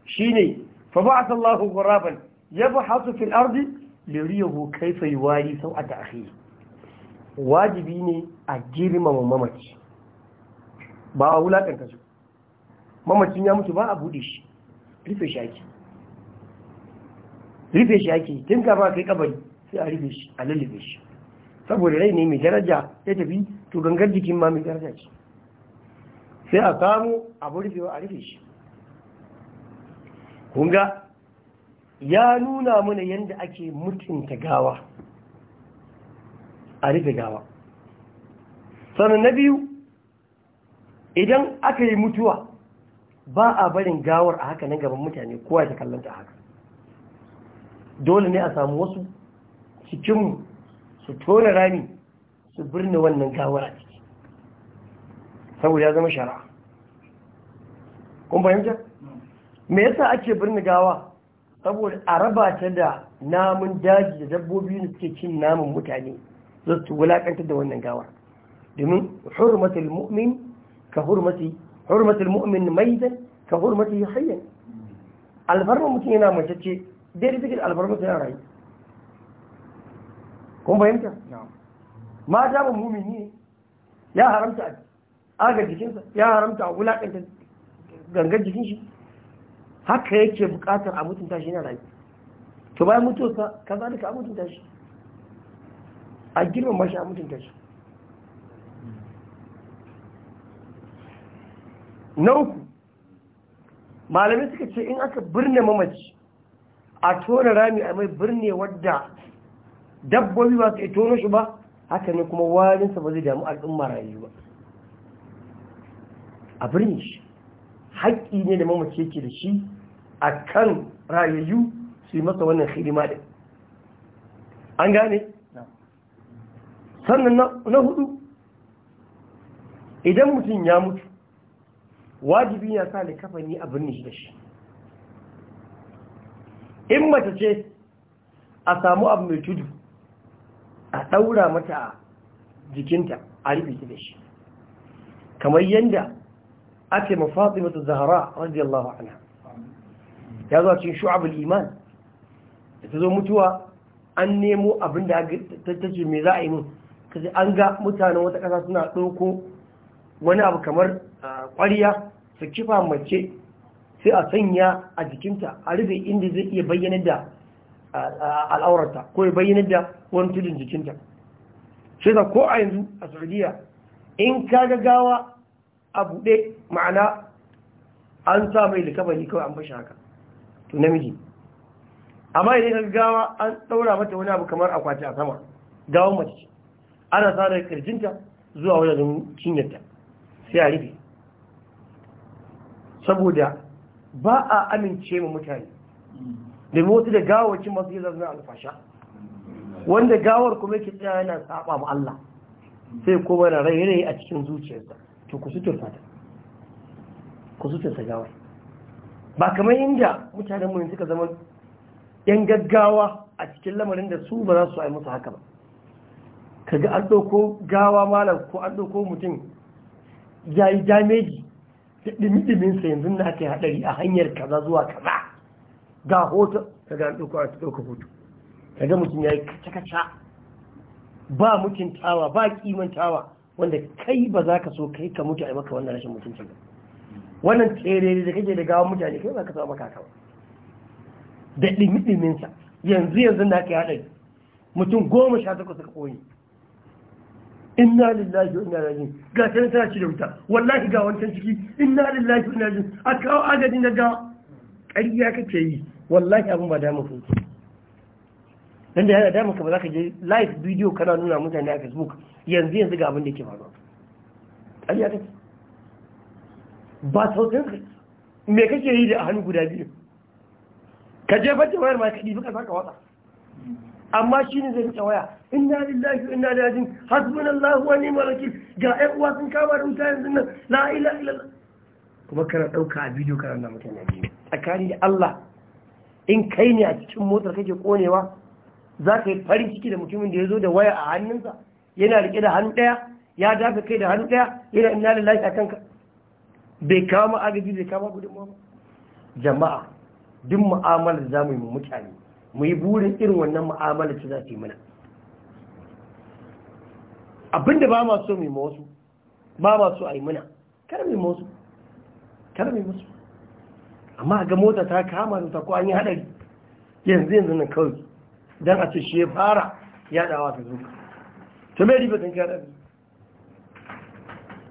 shi ne fa ba a sallahu guraban ya ba hasu fil arzi liriyahu kaifa yi wari sau a ta'ahi wajibi ne a girmama mamaci ba a wulaƙanta su mamacin ya mutu ba a buɗe shi rufe shi ake rufe shi ake tun ka ba kai kabari sai a rufe shi a lullube shi saboda rai ne mai daraja ya tafi to gangar jikin ma mai daraja ce sai a samu abu rufewa a rufe shi kunga ya nuna mana yadda ake mutunta gawa a rufe gawa sannan na biyu idan aka yi mutuwa ba a barin gawar a haka nan gaban mutane kowa ta kallanta haka dole ne a samu wasu cikinmu su tona rami su birni wannan gawar a ciki saboda ya zama shara kun fahimta me yasa ake birni gawa saboda a raba ta da namun daji da dabbobi da suke cin namun mutane za su wulakanta da wannan gawar domin hurmatul mu'min ka hurmati hurmatul mu'min maitan ka hurmati hayyan alfarmar mutum yana mace ce daidai take da alfarma yana rayu kuma fahimta mata ba mumi ne ya haramta a aga jikinsa ya haramta a wulaƙanta gangan jikin shi haka yake buƙatar a mutunta shi na rayu to bayan mutuwarsa ka zalika a mutunta shi a girmama shi a mutunta shi na uku malamai suka ce in aka birne mamaci a tona rami a mai birne wadda dabbobi ba su yi tono shi ba haka ne kuma warinsa ba zai damu al'umma rayu ba a birni shi haƙƙi ne da mamace yake da shi a kan rayayyu su yi masa wannan hidima ɗin an gane sannan na hudu idan mutum ya mutu wajibi ya sa likafani a birni shi da shi in mace ce a samu abu mai tudu a ɗaura mata jikinta a rufe da shi kamar yadda ake mafaɗi mata zahara radiyallahu ana ya zuwa cin shu'abul iman da ta zo mutuwa an nemo abin da ta ce mai za a yi mun kasi an ga mutanen wata ƙasa suna ɗauko wani abu kamar ƙwariya su kifa mace sai a sanya a jikinta a rufe inda zai iya bayyana da al'aurarta ko ya bayyana da wani tudun jikinta shi da ko a yanzu a saudiya in ka gagawa a buɗe ma'ana an sa mai likabari kawai an bashi haka to namiji amma idan ka gawa an ɗaura mata wani abu kamar akwati a sama gawon mace ce ana sa da kirjinta zuwa wajen cinyarta sai a rufe saboda ba a amince ma mutane da motsi da gawakin masu yi zazzan alfasha wanda gawar kuma yake tsaya yana saba ma Allah sai kuma na rairayi a cikin zuciyarsa to ku sutur ta ku sa gawar ba kamar inda mutanen mu suka zama yan gaggawa a cikin lamarin da su ba za su yi musu haka ba kaga an ɗauko gawa malam ko an ɗauko mutum ya yi dameji da ɗimi-ɗiminsa yanzu na kai haɗari a hanyar kaza zuwa kaza ga hoto ta ga ɗauko ta ɗauka hoto ga mutum ya yi kaca-kaca ba mutuntawa ba kimantawa wanda kai ba za ka so kai ka mutu a maka wannan rashin mutunci ba wannan tsere da kake da gawa mutane kai ba ka samu kaka ba da ɗimi-ɗiminsa yanzu yanzu na ka yaɗa mutum goma sha takwas ka koyi inna lillahi wa inna ilaihi ga ta tana ci da wuta wallahi ga wancan ciki inna lillahi wa inna ilaihi a kawo agadi na ga ƙarya kake yi wallahi abin ba damu ku dan da yana damu ka ba za ka je live video kana nuna mutane a facebook yanzu yanzu ga abin da ke faruwa ƙarya kake ba sautin me kake yi da hannu guda biyu ka je da wayar ma ka ɗibi ƙasa ka watsa amma shi ne zai rike waya inna lillahi wa inna ilaihi hasbunallahu wa ni'mal wakil ga ƴan uwa sun kama da wuta yanzu nan la ilaha illallah kuma kana ɗauka a bidiyo kana na mutane a tsakani da Allah in kai ne a cikin motar kake konewa za ka yi farin ciki da mutumin da ya zo da waya a hannunsa yana rike da hannu ɗaya ya dafa kai da hannu ɗaya yana ina da lafiya kanka bai kama agaji bai kama ba? jama'a duk mu'amalar za mu yi mu mutane mu yi burin irin wannan mu'amalar ta za su yi mana abinda ba ma so mu yi ma wasu ba ma so a yi muna kar mu yi ma wasu kar mu yi musu amma ga mota ta kama da takwa ko an yi haɗari yanzu yanzu na kawai don a ce shi ya fara yaɗawa ta zuka to mai ribatan ka yaɗa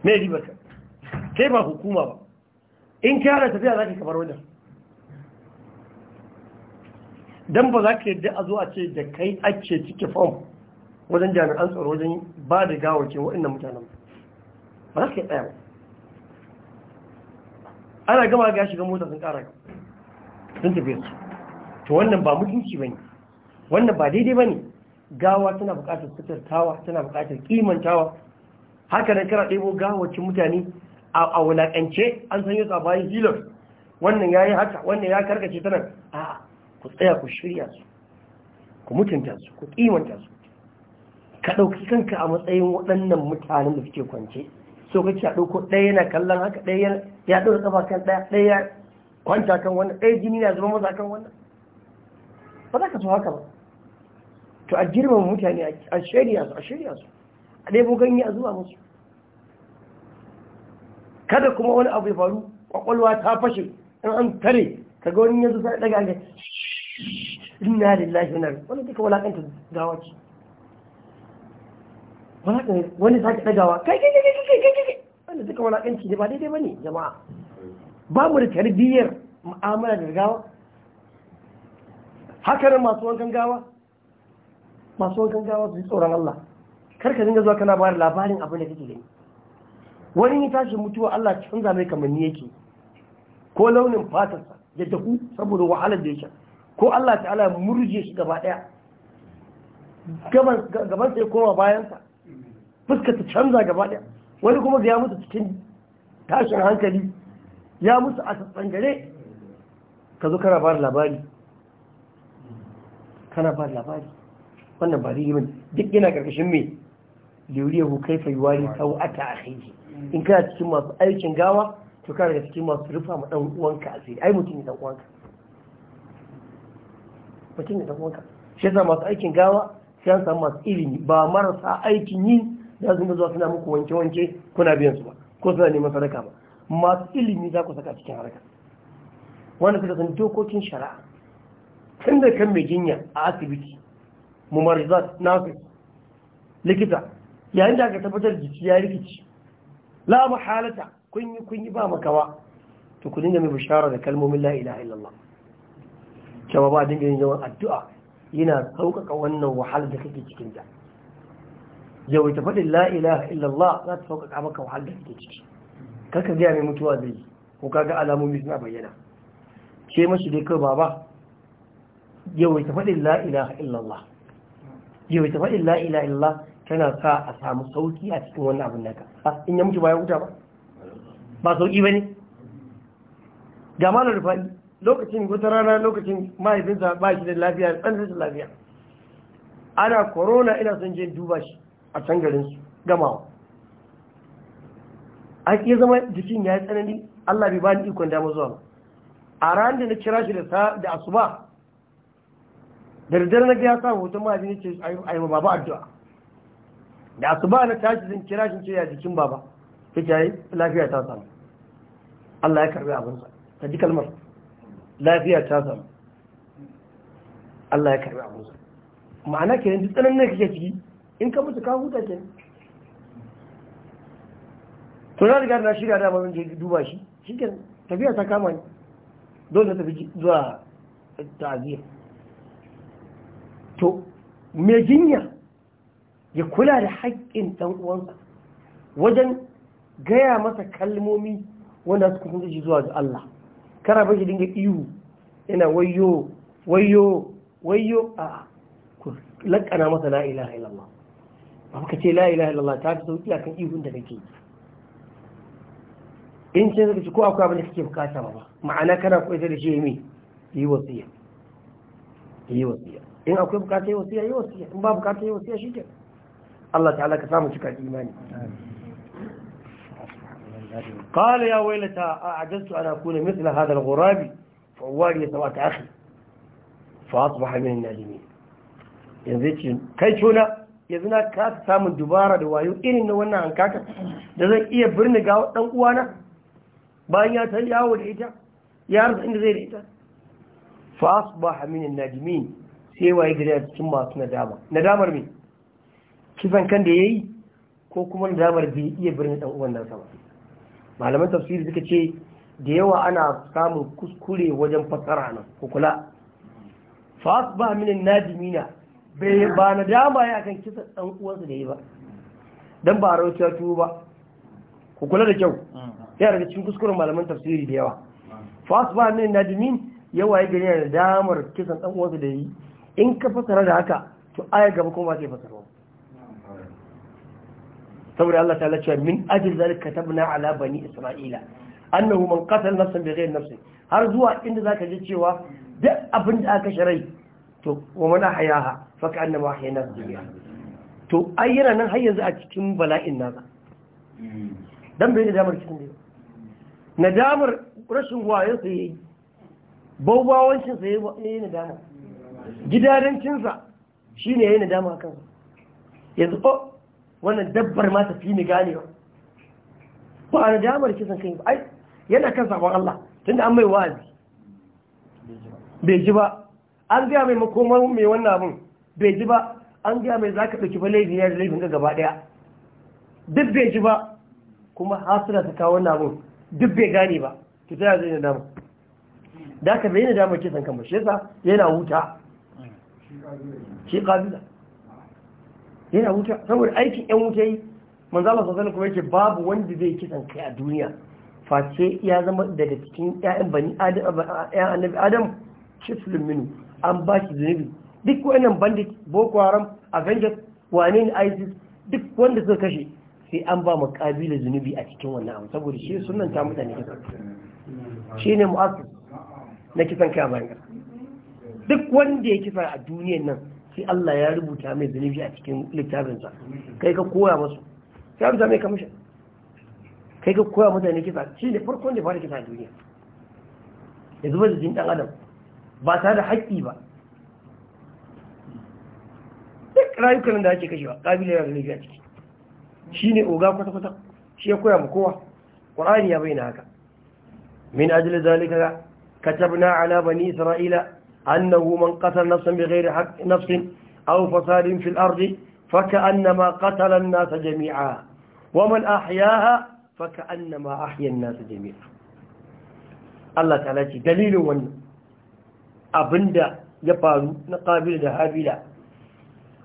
mai ta kai ba hukuma ba in ka yaɗa tafiya za ka kamar wajen don ba za ka yadda a zo a ce da kai ake cike fom wajen jami'an tsaro wajen ba da gawarkin waɗannan mutanen ba za ka yi tsaya ba ana gama ga shiga mota sun kara sun tafi su to wannan ba mutunci bane wannan ba daidai bane gawa tana buƙatar tawa, tana buƙatar kimantawa haka nan kana ɗebo gawacin mutane a wulaƙance an san yau tsabayin hilar wannan ya yi haka wannan ya karkace ta nan a ku tsaya ku shirya su ku mutunta su ku kimanta su ka ɗauki kanka a matsayin waɗannan mutanen da suke kwance so kake a ɗauko ɗaya yana kallon haka ɗaya ya ɗora kafa kan ɗaya ɗaya ya kwanta kan wannan ɗaya jini na zama maza kan wannan ba za ka so haka ba to a girman mutane a shirya su a shirya su a ɗaya ganye a zuwa musu kada kuma wani abu ya faru kwakwalwa ta fashe in an tare ka ga wani yanzu sai ɗaga ga inna lillahi wa inna ilaihi wani duka walakanta gawa ce wani sake ɗagawa kai kai kai kai kai kai wanda duka walakanci ne ba daidai ba ne jama'a babu da tarbiyyar mu'amala da gawa Haka hakanan masu wankan gawa masu wankan gawa su yi tsoron Allah karka dinga zuwa kana ba labarin abin da kake gani wani ya tashi mutuwa Allah canza mai kamanni yake ko launin fatarsa ya dahu saboda wahalar da ya sha ko Allah ta'ala murje shi gaba daya gaban sai koma bayansa fuska ta canza gaba ɗaya wani kuma ga ya mutu cikin tashin hankali ya mutu a tsangare ka zo kana bada labari kana bada labari wannan ba yi bane duk yana karkashin me liyuriyahu kaifa a sau'ata akhihi in kana cikin masu aikin gawa to kana daga cikin masu rufa ma dan uwanka asiri ai mutum ne dan uwanka mutum ne dan uwanka shi yasa masu aikin gawa sai an samu masu ilimi ba marasa aikin yi za su zuwa suna muku wanke-wanke kuna biyan su ba ko suna neman sadaka ba masu ilimi za ku saka cikin harka wanda suka san dokokin shari'a tun da kan mai jinya a asibiti mumarizat nafi likita yayin da aka tabbatar jiki ya rikici la halata kun yi kun yi ba makawa to ku dinga mai bishara da kalmomin la ilaha illallah cewa ba dinga yin yawan addu'a yana sauƙaƙa wannan wahalar da kake cikin ta yawaita faɗin la ilaha illallah za ta sauƙaƙa maka wahalar da ke ciki kaka gaya mai mutuwa zai yi ko kaga alamomi suna bayyana ce mashi dai kai baba yawaita faɗin la ilaha illallah yawaita faɗin la ilaha illallah tana sa a samu sauƙi a cikin wannan abin naka in ya mutu bayan wuta ba ba sauƙi ba ne ga malar rufa'i lokacin wata rana lokacin mahaifinsa ba shi da lafiya ɗan rashin lafiya ana korona ina son je duba shi a can garinsu gamawa a ke zama jikin ya yi tsanani Allah bai bani ikon dama zuwa ba a ran da na kira shi da asuba da daddare na ga ya sa hoton mahaifin ya ce a yi baba addu'a da asuba na tashi zan kira shi ce ya jikin baba ta jayi lafiya ta samu Allah ya karbi abinsa ta ji kalmar lafiya ta samu Allah ya karbi abinsa ma'ana kenan duk tsananin ne kake ciki in ka mutu ka huta ke to na riga na shirya da zan yi duba shi ke tafiya ta kama ni dole tafi zuwa ta'aziyya to mai jinya ya kula da haƙƙin ɗan uwansa wajen gaya masa kalmomi wanda suka kusa shi zuwa ga Allah kara ba shi dinga ihu yana wayo wayo wayo a ku lakana masa la ilaha illallah amma ka ce la ilaha illallah ta fi sauki akan ihun da kake in ce zaka ci ko akwai abin da kake bukata ba ma'ana kana ko ita da shi mai yi wasiya yi wasiya in akwai bukata yi wasiya yi wasiya in ba bukata yi wasiya shi ke Allah ta'ala ka samu cika imani قال يا ويلتى أعجزت أن أكون مثل هذا الغراب فوالي سواة أخي فأصبح من النادمين yanzu ce kai cuna yanzu na kasa samun dubara da wayo irin na wannan hankaka da zan iya birni ga dan uwana bayan ya ta yawo da ita ya rasa inda zai da ita fa asbaha min najmin sai waye gari cikin masu nadama nadamar me kisan kan da yayi ko kuma nadamar bai iya birni dan uwan nan sama malaman tafsiri suka ce da yawa ana samun kuskure wajen fasara nan kukula kula fa asbaha min najmina bai ba na dama ya kan kisa ɗan uwansa da yi ba don ba a rauciya tuwo ba ku kula da kyau ya daga cikin kuskuren malaman tafsiri da yawa fasu ba ne nadimin yawa ya gani da damar kisan ɗan uwansa da yi in ka fasara da haka to aya gaba kuma ba ke fasarwa saboda Allah ta lalacewa min ajin zalika katabna ala bani isra'ila annahu man qatala nafsan bighayri nafsin har zuwa inda zaka ji cewa duk abin da aka sharai to wa mana hayaha faka annama ahyana duniya to ai yana nan har yanzu a cikin bala'in nasa dan bai da damar cikin Na nadamar rashin wayen sa yayi baubawancin sa yayi nadama gidadancin sa shine yayi nadama kansa yanzu ko oh, wannan dabbar ma ta fi ni gane ba a nadamar kisan kai ba ai yana kan sabon Allah tunda an mai wa'azi bai ji ba an gaya mai makomar mai wannan abin bai ji ba an gaya mai za ka ɗauki ba laifin ya laifin ga gaba ɗaya duk bai ji ba kuma hasira ta kawo wannan abin duk bai gane ba ki ta zai nadama da aka bai nadama kisan kama shi yasa yana wuta shi ƙabila yana wuta saboda aikin yan wuta yi manzala sosai kuma yake babu wanda zai kisan kai a duniya face ya zama daga cikin 'ya'yan bani adam shiflin minu an ba shi zunubi duk wannan bandit boko haram avengers wane ne isis duk wanda suka kashe sai an ba mu kabila zunubi a cikin wannan abu saboda shi sunan ta mutane kisa shi ne mu'assis na kisan kai a bayan duk wanda ya kisa a duniyan nan sai Allah ya rubuta mai zunubi a cikin littafinsa kai ka koya musu sai amsa mai kamishin kai ka koya mutane kisa shi ne farkon da fara kisa a duniya ya zuba da jin dan adam ba tare da haƙƙi ba duk rayukan da ake kashewa ƙabila yana da laifi a ciki shi ne oga kwata-kwata shi ya koya ma kowa ƙwararri ya bayyana haka min ajiyar zalika katabna ala bani isra'ila annahu man qatal nafsan bighairi haqqin nafsin aw fasadin fil ardi فكأنما قتل الناس جميعا ومن أحياها فكأنما أحيا الناس جميعا الله تعالى دليل ون abinda ya faru na ƙabil da habila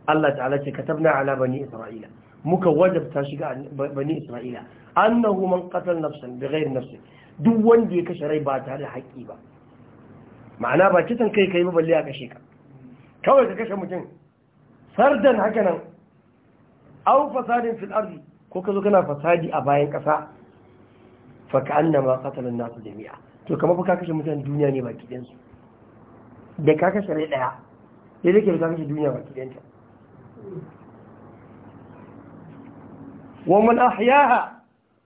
Allah ta'ala ce katabna ala bani isra'ila muka wajabta shiga bani isra'ila annahu man qatal nafsan bighayr nafsi duk wanda ya kashe rai ba tare da haƙƙi ba ma'ana ba kisan kai kai ba balle a kashe ka kawai ka kashe mutum sardan haka nan aw fasadin fil ardi ko ka zo kana fasadi a bayan ƙasa fa ka'annama qatala an-nas jami'a to kamar fa ka kashe mutane duniya ne baki ɗayan su da ka kashe rai ɗaya ya zai ke da ka kashe duniya baki ɗanta wa man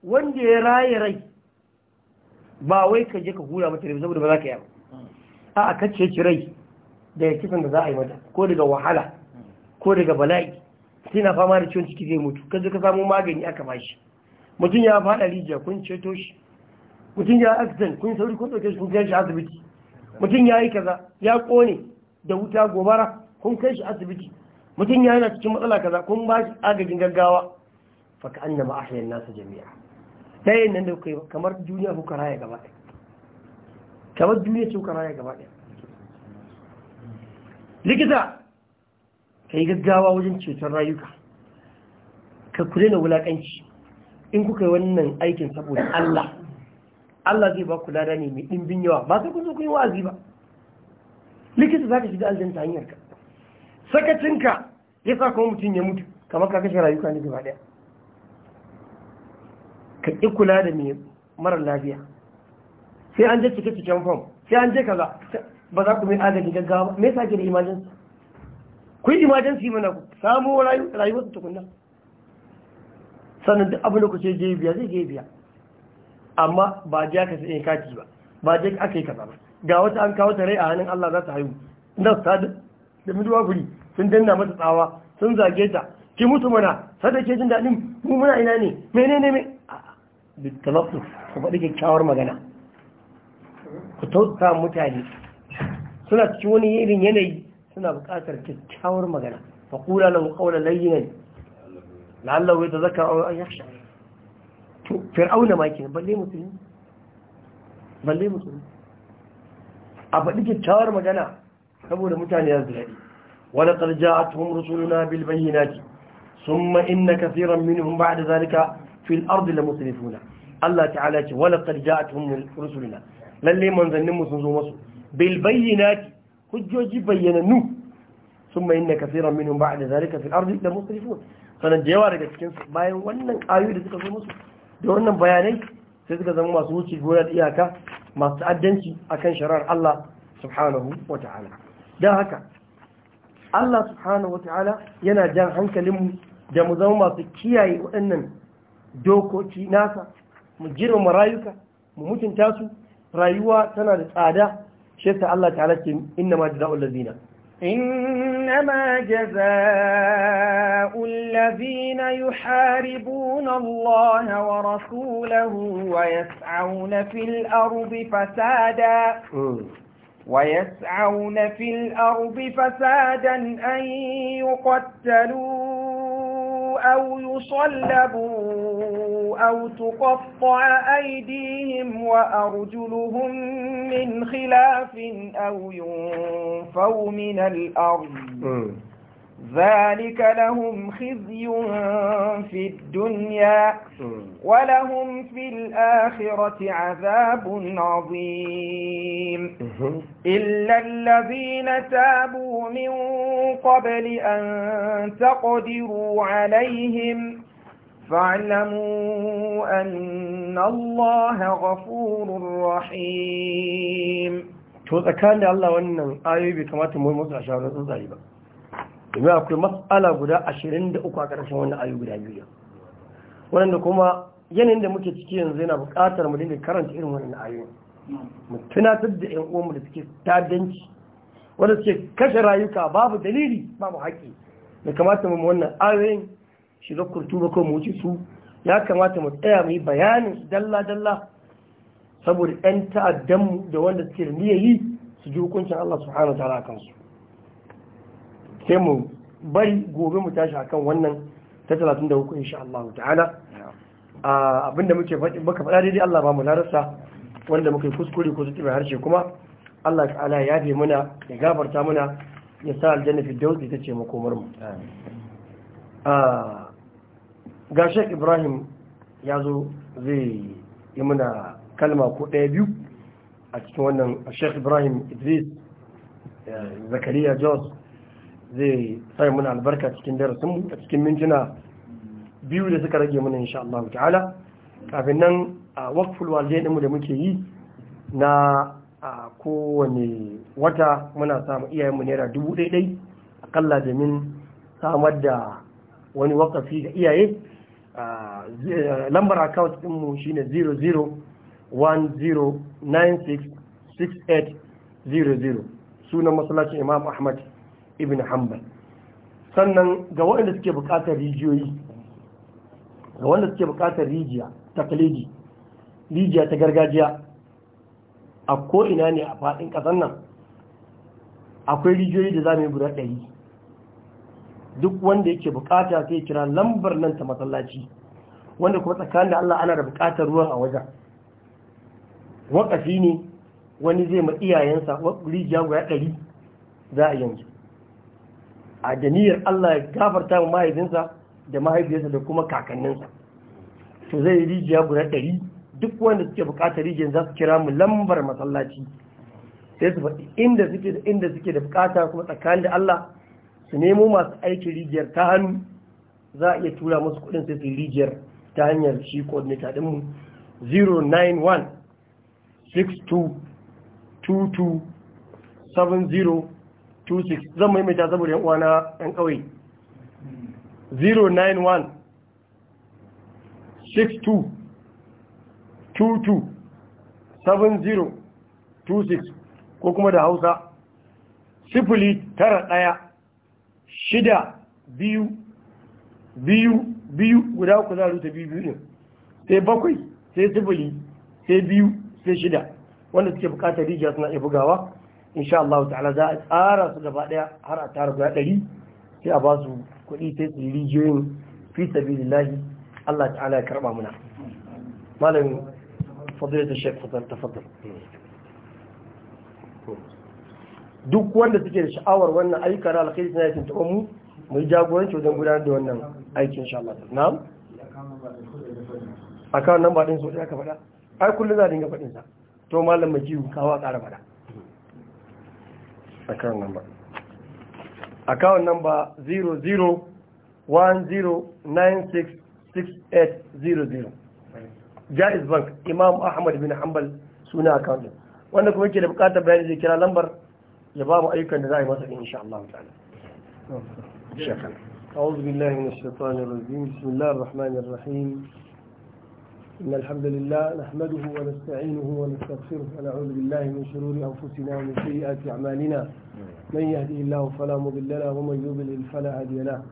wanda ya raye rai ba wai ka je ka hura mata rai saboda ba za ka yi a a kace ki rai da ya kisan da za a yi mata ko daga wahala ko daga bala'i na fama da ciwon ciki zai mutu zai ka samu magani aka bashi mutum ya faɗa rijiya kun ceto shi mutum ya accident kun sauri kun ɗauke shi kun kai shi asibiti mutum ya yi kaza ya kone da wuta gobara kun kai shi asibiti mutum ya yana cikin matsala kaza kun ba shi agajin gaggawa faka an da ahyan nasu jami'a ɗayan nan da kuka yi kamar duniya kuka raya gaba ɗaya kamar duniya ce kuka raya gaba ɗaya likita ka yi gaggawa wajen ceton rayuka ka kure na wulaƙanci in kuka yi wannan aikin saboda Allah Allah zai ba ku lada ne mai ɗimbin yawa ba sai kun zo kun yi wa'azi ba likita za ka shiga aljanna ta hanyar ka Sakacin ka ya sa kuma mutum ya mutu kamar ka kashe rayuka ne gaba ɗaya ka ƙi kula da mai marar lafiya sai an je cike cikin fam sai an je kaza ba za ku mai agaji gaggawa ba me yasa ke da emergency ku yi yi mana ku samu rayuwar tukunna sannan duk abin da ku ce je biya zai je biya amma ba je aka sai eh, kaki ba ba je aka yi kaza ba ga wata an kawo tare a hannun Allah za ta haihu na ta da miduwa guri sun danna mata tsawa sun zage ta ki mutu mana sada ke jin daɗin mu muna ina ne menene me da talaffus ku faɗi kyakkyawar magana ku tausa mutane suna cikin wani irin yanayi suna buƙatar kyakkyawar magana fa qula lahu qawlan layyinan la'allahu yatazakkaru aw yakhsha to fir'auna ma kenan balle musulmi balle musulmi a faɗi kyakkyawar magana saboda mutane ya ziraɗi wani ƙarja a tuhum rusuluna bil bayyinati summa inna kafiran minhum da zalika fil ardi la musrifuna Allah ta'ala ce wala qad ja'atuhum rusuluna lalle manzannin mu sun zo musu bil bayyinati hujjoji bayyananu summa inna kaseeran minhum da zalika fil ardi la musrifun sanan da yawa daga cikin bayan wannan ayoyi da suka zo musu da wannan bayanai sai suka zama masu wuce gonar iyaka masu ta'addanci akan shari'ar Allah subhanahu wa ta'ala don haka Allah subhanahu wa ta'ala yana jan hankalinmu da mu zama masu kiyaye waɗannan dokoki nasa mu girmama rayuka mu mutunta su rayuwa tana da tsada shi Allah ta'ala ce inna ma jazaa'ul ladzina إنما جزاء الذين يحاربون الله ورسوله ويسعون في الأرض فسادا ويسعون في الأرض فسادا أن يقتلوا أو يصلبوا أو تقطع أيديهم وأرجلهم من خلاف أو ينفوا من الأرض ذلك لهم خزي في الدنيا ولهم في الآخرة عذاب عظيم إلا الذين تابوا من قبل أن تقدروا عليهم فاعلموا أن الله غفور رحيم to tsakanin da Allah wannan ayoyi bai kamata mu musu a shawarar ba domin akwai matsala guda 23 a ƙarshen wannan ayoyi guda biyu da kuma yanayin da muke ciki yanzu yana buƙatar mu dinga karanta irin wannan ayoyi mu tunatar da ƴan uwanmu da suke tadanci wanda suke kashe rayuka babu dalili babu haƙƙi da kamata mu wannan ayoyin shiga kurtuba ko mu wuce su ya kamata mu tsaya mu bayanin su dalla dalla saboda 'yan ta'addanmu da wanda suke da yi su ji hukuncin Allah subhanahu wa ta'ala kansu sai mu bari gobe mu tashi akan wannan ta 34 insha Allah ta'ala abinda muke baka faɗa daidai Allah ba mu larasa wanda muka kuskure ko tuɓe harshe kuma Allah ta'ala ya yafe muna ya gafarta muna ya sa aljanna fi dauki ta ce makomar mu ga shek ibrahim ya zo zai yi muna kalma ko ɗaya biyu a cikin wannan shek ibrahim idris eh, zakariya jos zai sai muna albarka cikin darasinmu a cikin mintuna biyu da suka rage mana insha Allah ta'ala kafin nan a wakful walidai ɗinmu da muke yi na a kowane wata muna samu iyayenmu naira dubu ɗaiɗai akalla domin samar da wani wakafi ga iyaye Ah, lambar account mu shine 00106680 sunan masallacin imam ahmad ibn hanbal sannan ga waɗanda suke buƙatar rijiyoyi ga wanda suke buƙatar rijiya ta kaleji rijiya ta gargajiya a ko'ina ne a faɗin ƙasar nan akwai rijiyoyi da za mu yi guda ɗari duk wanda yake bukata sai kira lambar nan ta masallaci wanda kuma tsakanin da Allah ana da bukatar ruwan a wajen wakafi ne wani zai ma iyayensa rijiya guda ɗari za a yanzu a daniyar Allah ya gafarta wa mahaifinsa da mahaifiyarsa da kuma kakanninsa su zai rijiya guda ɗari duk wanda suke bukatar rijiyar za su kira mu lambar masallaci sai su faɗi inda suke da inda suke da bukata kuma tsakanin da Allah su nemo masu aiki rijiyar ta hannu za a iya tura musu kudin sai su rijiyar ta hanyar shi coordinator dinmu 091 62 22 26 zan maimaita saboda yan uwana yan kawai 091 62 22 70 26 ko kuma da hausa sifili tara ɗaya shida biyu biyu biyu guda uku za a rute biyu biyu sai bakwai sai sifili sai biyu sai shida wanda suke bukatar rijiya suna iya bugawa insha Allah ta'ala za a tsara su gaba daya har a tara guda ɗari sai a ba su kuɗi sai su rijiyoyin fi sabilillahi Allah ta'ala ya karɓa muna malamin fadilatul shek ta fadar hmm. duk wanda suke da sha'awar wannan ayyuka na alkhairi suna yakin taɓa mu mu yi jagoranci wajen gudanar da wannan aikin insha Allah nan ka faɗa ai kullum za dinga to malam ƙara faɗa nan ba Jaiz Bank Imam Ahmad bin Hanbal suna akawun wanda kuma ke da bukatar bayani zai kira lambar ya ba mu ayyukan da za a yi masa insha Allah ta'ala shekara أعوذ بالله من الشيطان الرجيم بسم الله الرحمن الرحيم إن الحمد لله نحمده ونستعينه ونستغفره ونعوذ بالله من شرور أنفسنا ومن سيئات أعمالنا من يهدي الله فلا مضل له ومن يضلل فلا هادي له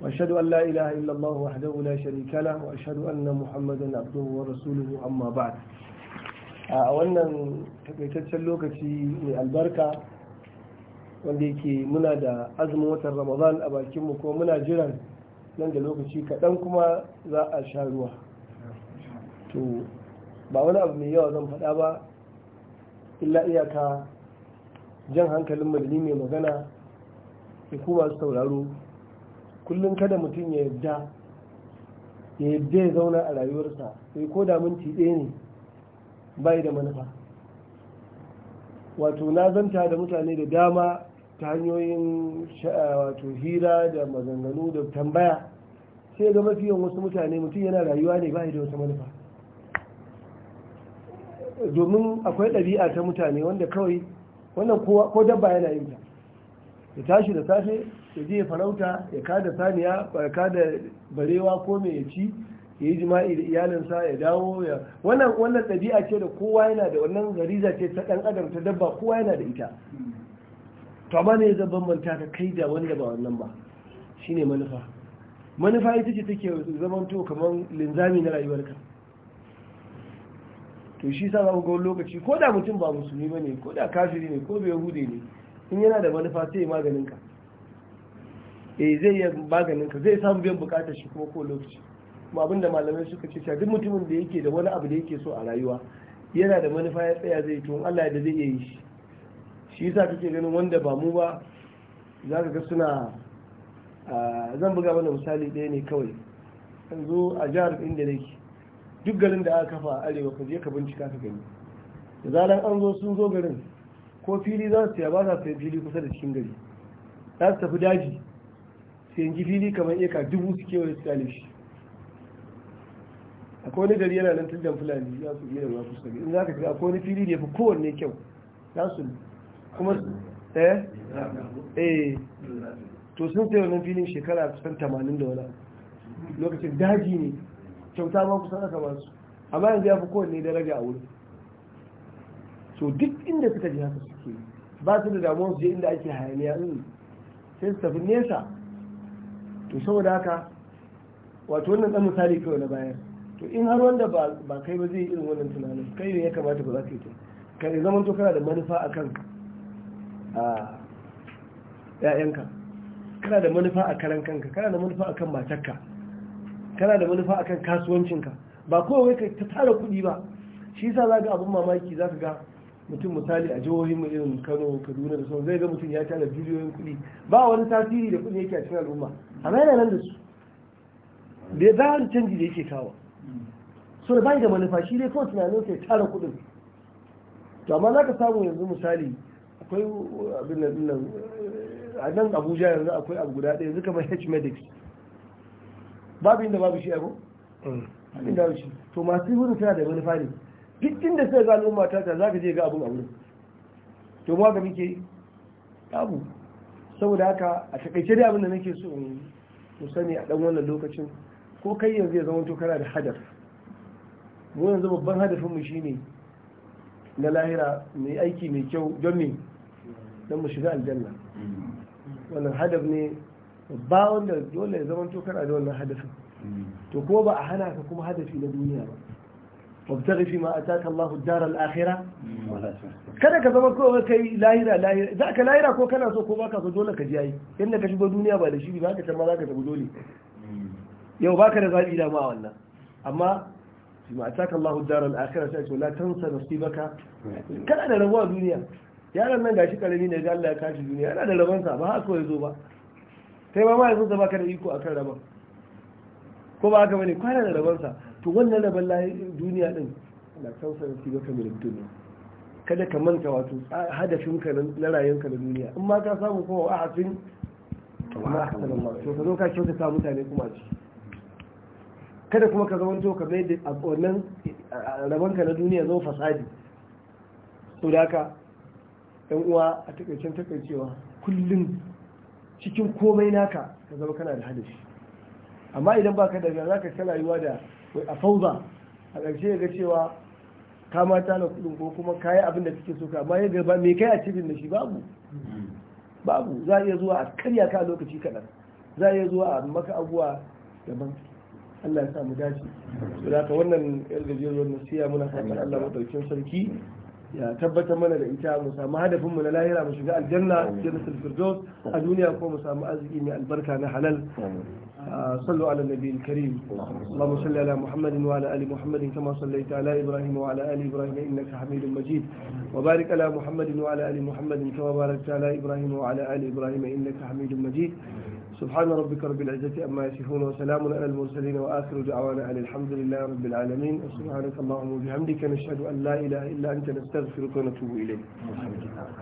وأشهد أن لا إله إلا الله وحده لا شريك له وأشهد أن محمدا عبده ورسوله أما بعد أولا تكتشل لوكتي البركة wanda yake muna da azumin watan ramadan a bakinmu ko muna jiran nan da lokaci kaɗan kuma za a sha ruwa to ba wani abu mai yawa zan faɗa ba illa iyaka jan hankalin madani mai magana ya kuma su sauraro kullum kada mutum ya yadda ya yadda ya zauna a rayuwarsa sai ko da minti ɗaya ne bai da manufa wato na zanta da mutane da dama ta hanyoyin wato hira da maganganu da tambaya sai ga mafi wasu mutane mutum yana rayuwa ne ba da wasu manufa domin akwai ɗabi'a ta mutane wanda kawai wannan ko dabba yana yin ta ya tashi da safe ya je farauta ya kada saniya ya kada barewa ko mai ya ci ya yi jima'i da iyalinsa ya dawo ya wannan ɗabi'a ce da kowa yana da wannan gariza ce ta ɗan adam ta dabba kowa yana da ita to amma ne zan bambanta ka kai da wanda ba wannan ba Shi ne manufa manufa ita ce take zaman to kamar linzami na rayuwarka to shi sa zama ku lokaci ko da mutum ba musulmi ba ne ko da kafiri ne ko bai hude ne in yana da manufa sai ya maganinka eh zai yi maganinka zai samu biyan bukatar shi kuma ko lokaci kuma abinda malamai suka ce duk mutumin da yake da wani abu da yake so a rayuwa yana da manufa ya tsaya zai tun Allah da zai iya yi shi shi yasa kake ganin wanda ba mu ba za ka ga suna zan buga mana misali ɗaya ne kawai yanzu a jihar inda nake duk garin da aka kafa a arewa ka je ka bincika ka gani da zaran an zo sun zo garin ko fili za su tsaya ba za su fili kusa da cikin gari za su tafi daji su yanki fili kamar eka dubu su kewaye su tsale shi akwai wani gari yana nan tun fulani za su iya da kusa in za ka fi akwai wani fili da ya fi kowanne kyau za su kuma eh eh to sun sai wannan filin shekara kusan tamanin da wani lokacin daji ne kyauta ma kusan aka ba su amma yanzu ya fi kowanne daraja a wuri so duk inda suka ji haka suke ba su da damuwa su je inda ake hayaniya in sai su tafi nesa to saboda haka wato wannan dan misali kawai na bayan to in har wanda ba kai ba zai yi irin wannan tunanin kai ne ya kamata ba za ka yi ta kai zaman to kana da manufa akan. a ‘ya'yanka kana da manufa a karan kanka kana da manufa a kan matakka kana da manufa a kan kasuwancinka ba kowai ka ta tara kuɗi ba shi sa za ga abin mamaki za ka ga mutum misali a jihohin mu irin kano kaduna da sauran zai ga mutum ya tara biliyoyin kuɗi ba wani tasiri da kuɗi yake a cikin al'umma amma yana nan da su da za a canji da yake kawo so da bai da manufa shi dai kawai tunanin sai tara kuɗin to amma za ka samu yanzu misali akwai abin da nan a nan abuja yanzu akwai abu guda ɗaya zuka mai h medics babu inda babu shi mm. abu inda babu shi to masu wurin suna da manufa ne duk inda sai ga al'umma ta ta za ka je ga abun abu to ma ga muke abu saboda haka a takaice dai abin da nake so in sani a dan wannan lokacin ko kai yanzu ya zama to kana da hadaf mu yanzu babban hadafinmu shine na lahira mai aiki mai kyau don me don mu shiga aljanna wannan hadaf ne ba wanda dole ya zama to kana da wannan hadafin to ko ba a hana ka kuma hadafi na duniya ba وابتغي فيما أتاك الله الدار الآخرة kada ka zama kawai kai lahira lahira za ka lahira ko kana so ko baka so dole ka ji yayi inda ka shigo duniya ba da shi ba ka ma za ka tafi dole yau baka da zabi da ma wannan amma bima ataka Allahu ad-dar al-akhirah sai la tansa nasibaka Kada da rabuwa duniya Yaran nan gashi karami ne ga Allah ya kashi duniya yana da rabansa ba haka ya zo ba kai ba mai zuwa ba ka da iko akan rabon ko ba haka bane kwana da rabansa to wannan lahi duniya din Allah tausaya shi ga kamar duniya kada ka manta wato hadafin ka na rayuwarka na duniya in ma ka samu kuma a hafin to ma to ka zo ka kyautata mutane kuma a kada kuma ka zamanto ka mai da wannan rabanka na duniya zo fasadi to da haka yan uwa a takaicen takaicewa kullum cikin komai naka ka zama kana da hadashi amma idan baka daga za ka rayuwa da a fauza a ƙarshe ga cewa ka mata na kudin ko kuma kayi abin da kake so ka amma ya gaba me kai a cikin da shi babu babu za iya zuwa a karya ka lokaci kaɗan za iya zuwa a maka abuwa daban Allah ya sa mu dace saboda wannan yar gajiyar wannan siya muna fatan Allah madaukin sarki ya tabbatar mana da ita mu samu hadafin mu na lahira mu shiga aljanna jannatul sulfurdos a duniya ko mu samu arziki mai albarka na halal ah, sallu ala nabi karim allahumma salli muhammadin wa ali muhammadin kama sallaita ala ibrahim wa ala ali ibrahim innaka hamidum majid wa barik ala muhammadin wa ala ali muhammadin kama barakta ala ibrahim wa ala ali ibrahim innaka hamidum majid سبحان ربك رب العزة أما يصفون وسلام على المرسلين وآخر دعوانا أن الحمد لله رب العالمين وسبحانك اللهم وبحمدك نشهد أن لا إله إلا أنت نستغفرك ونتوب إليك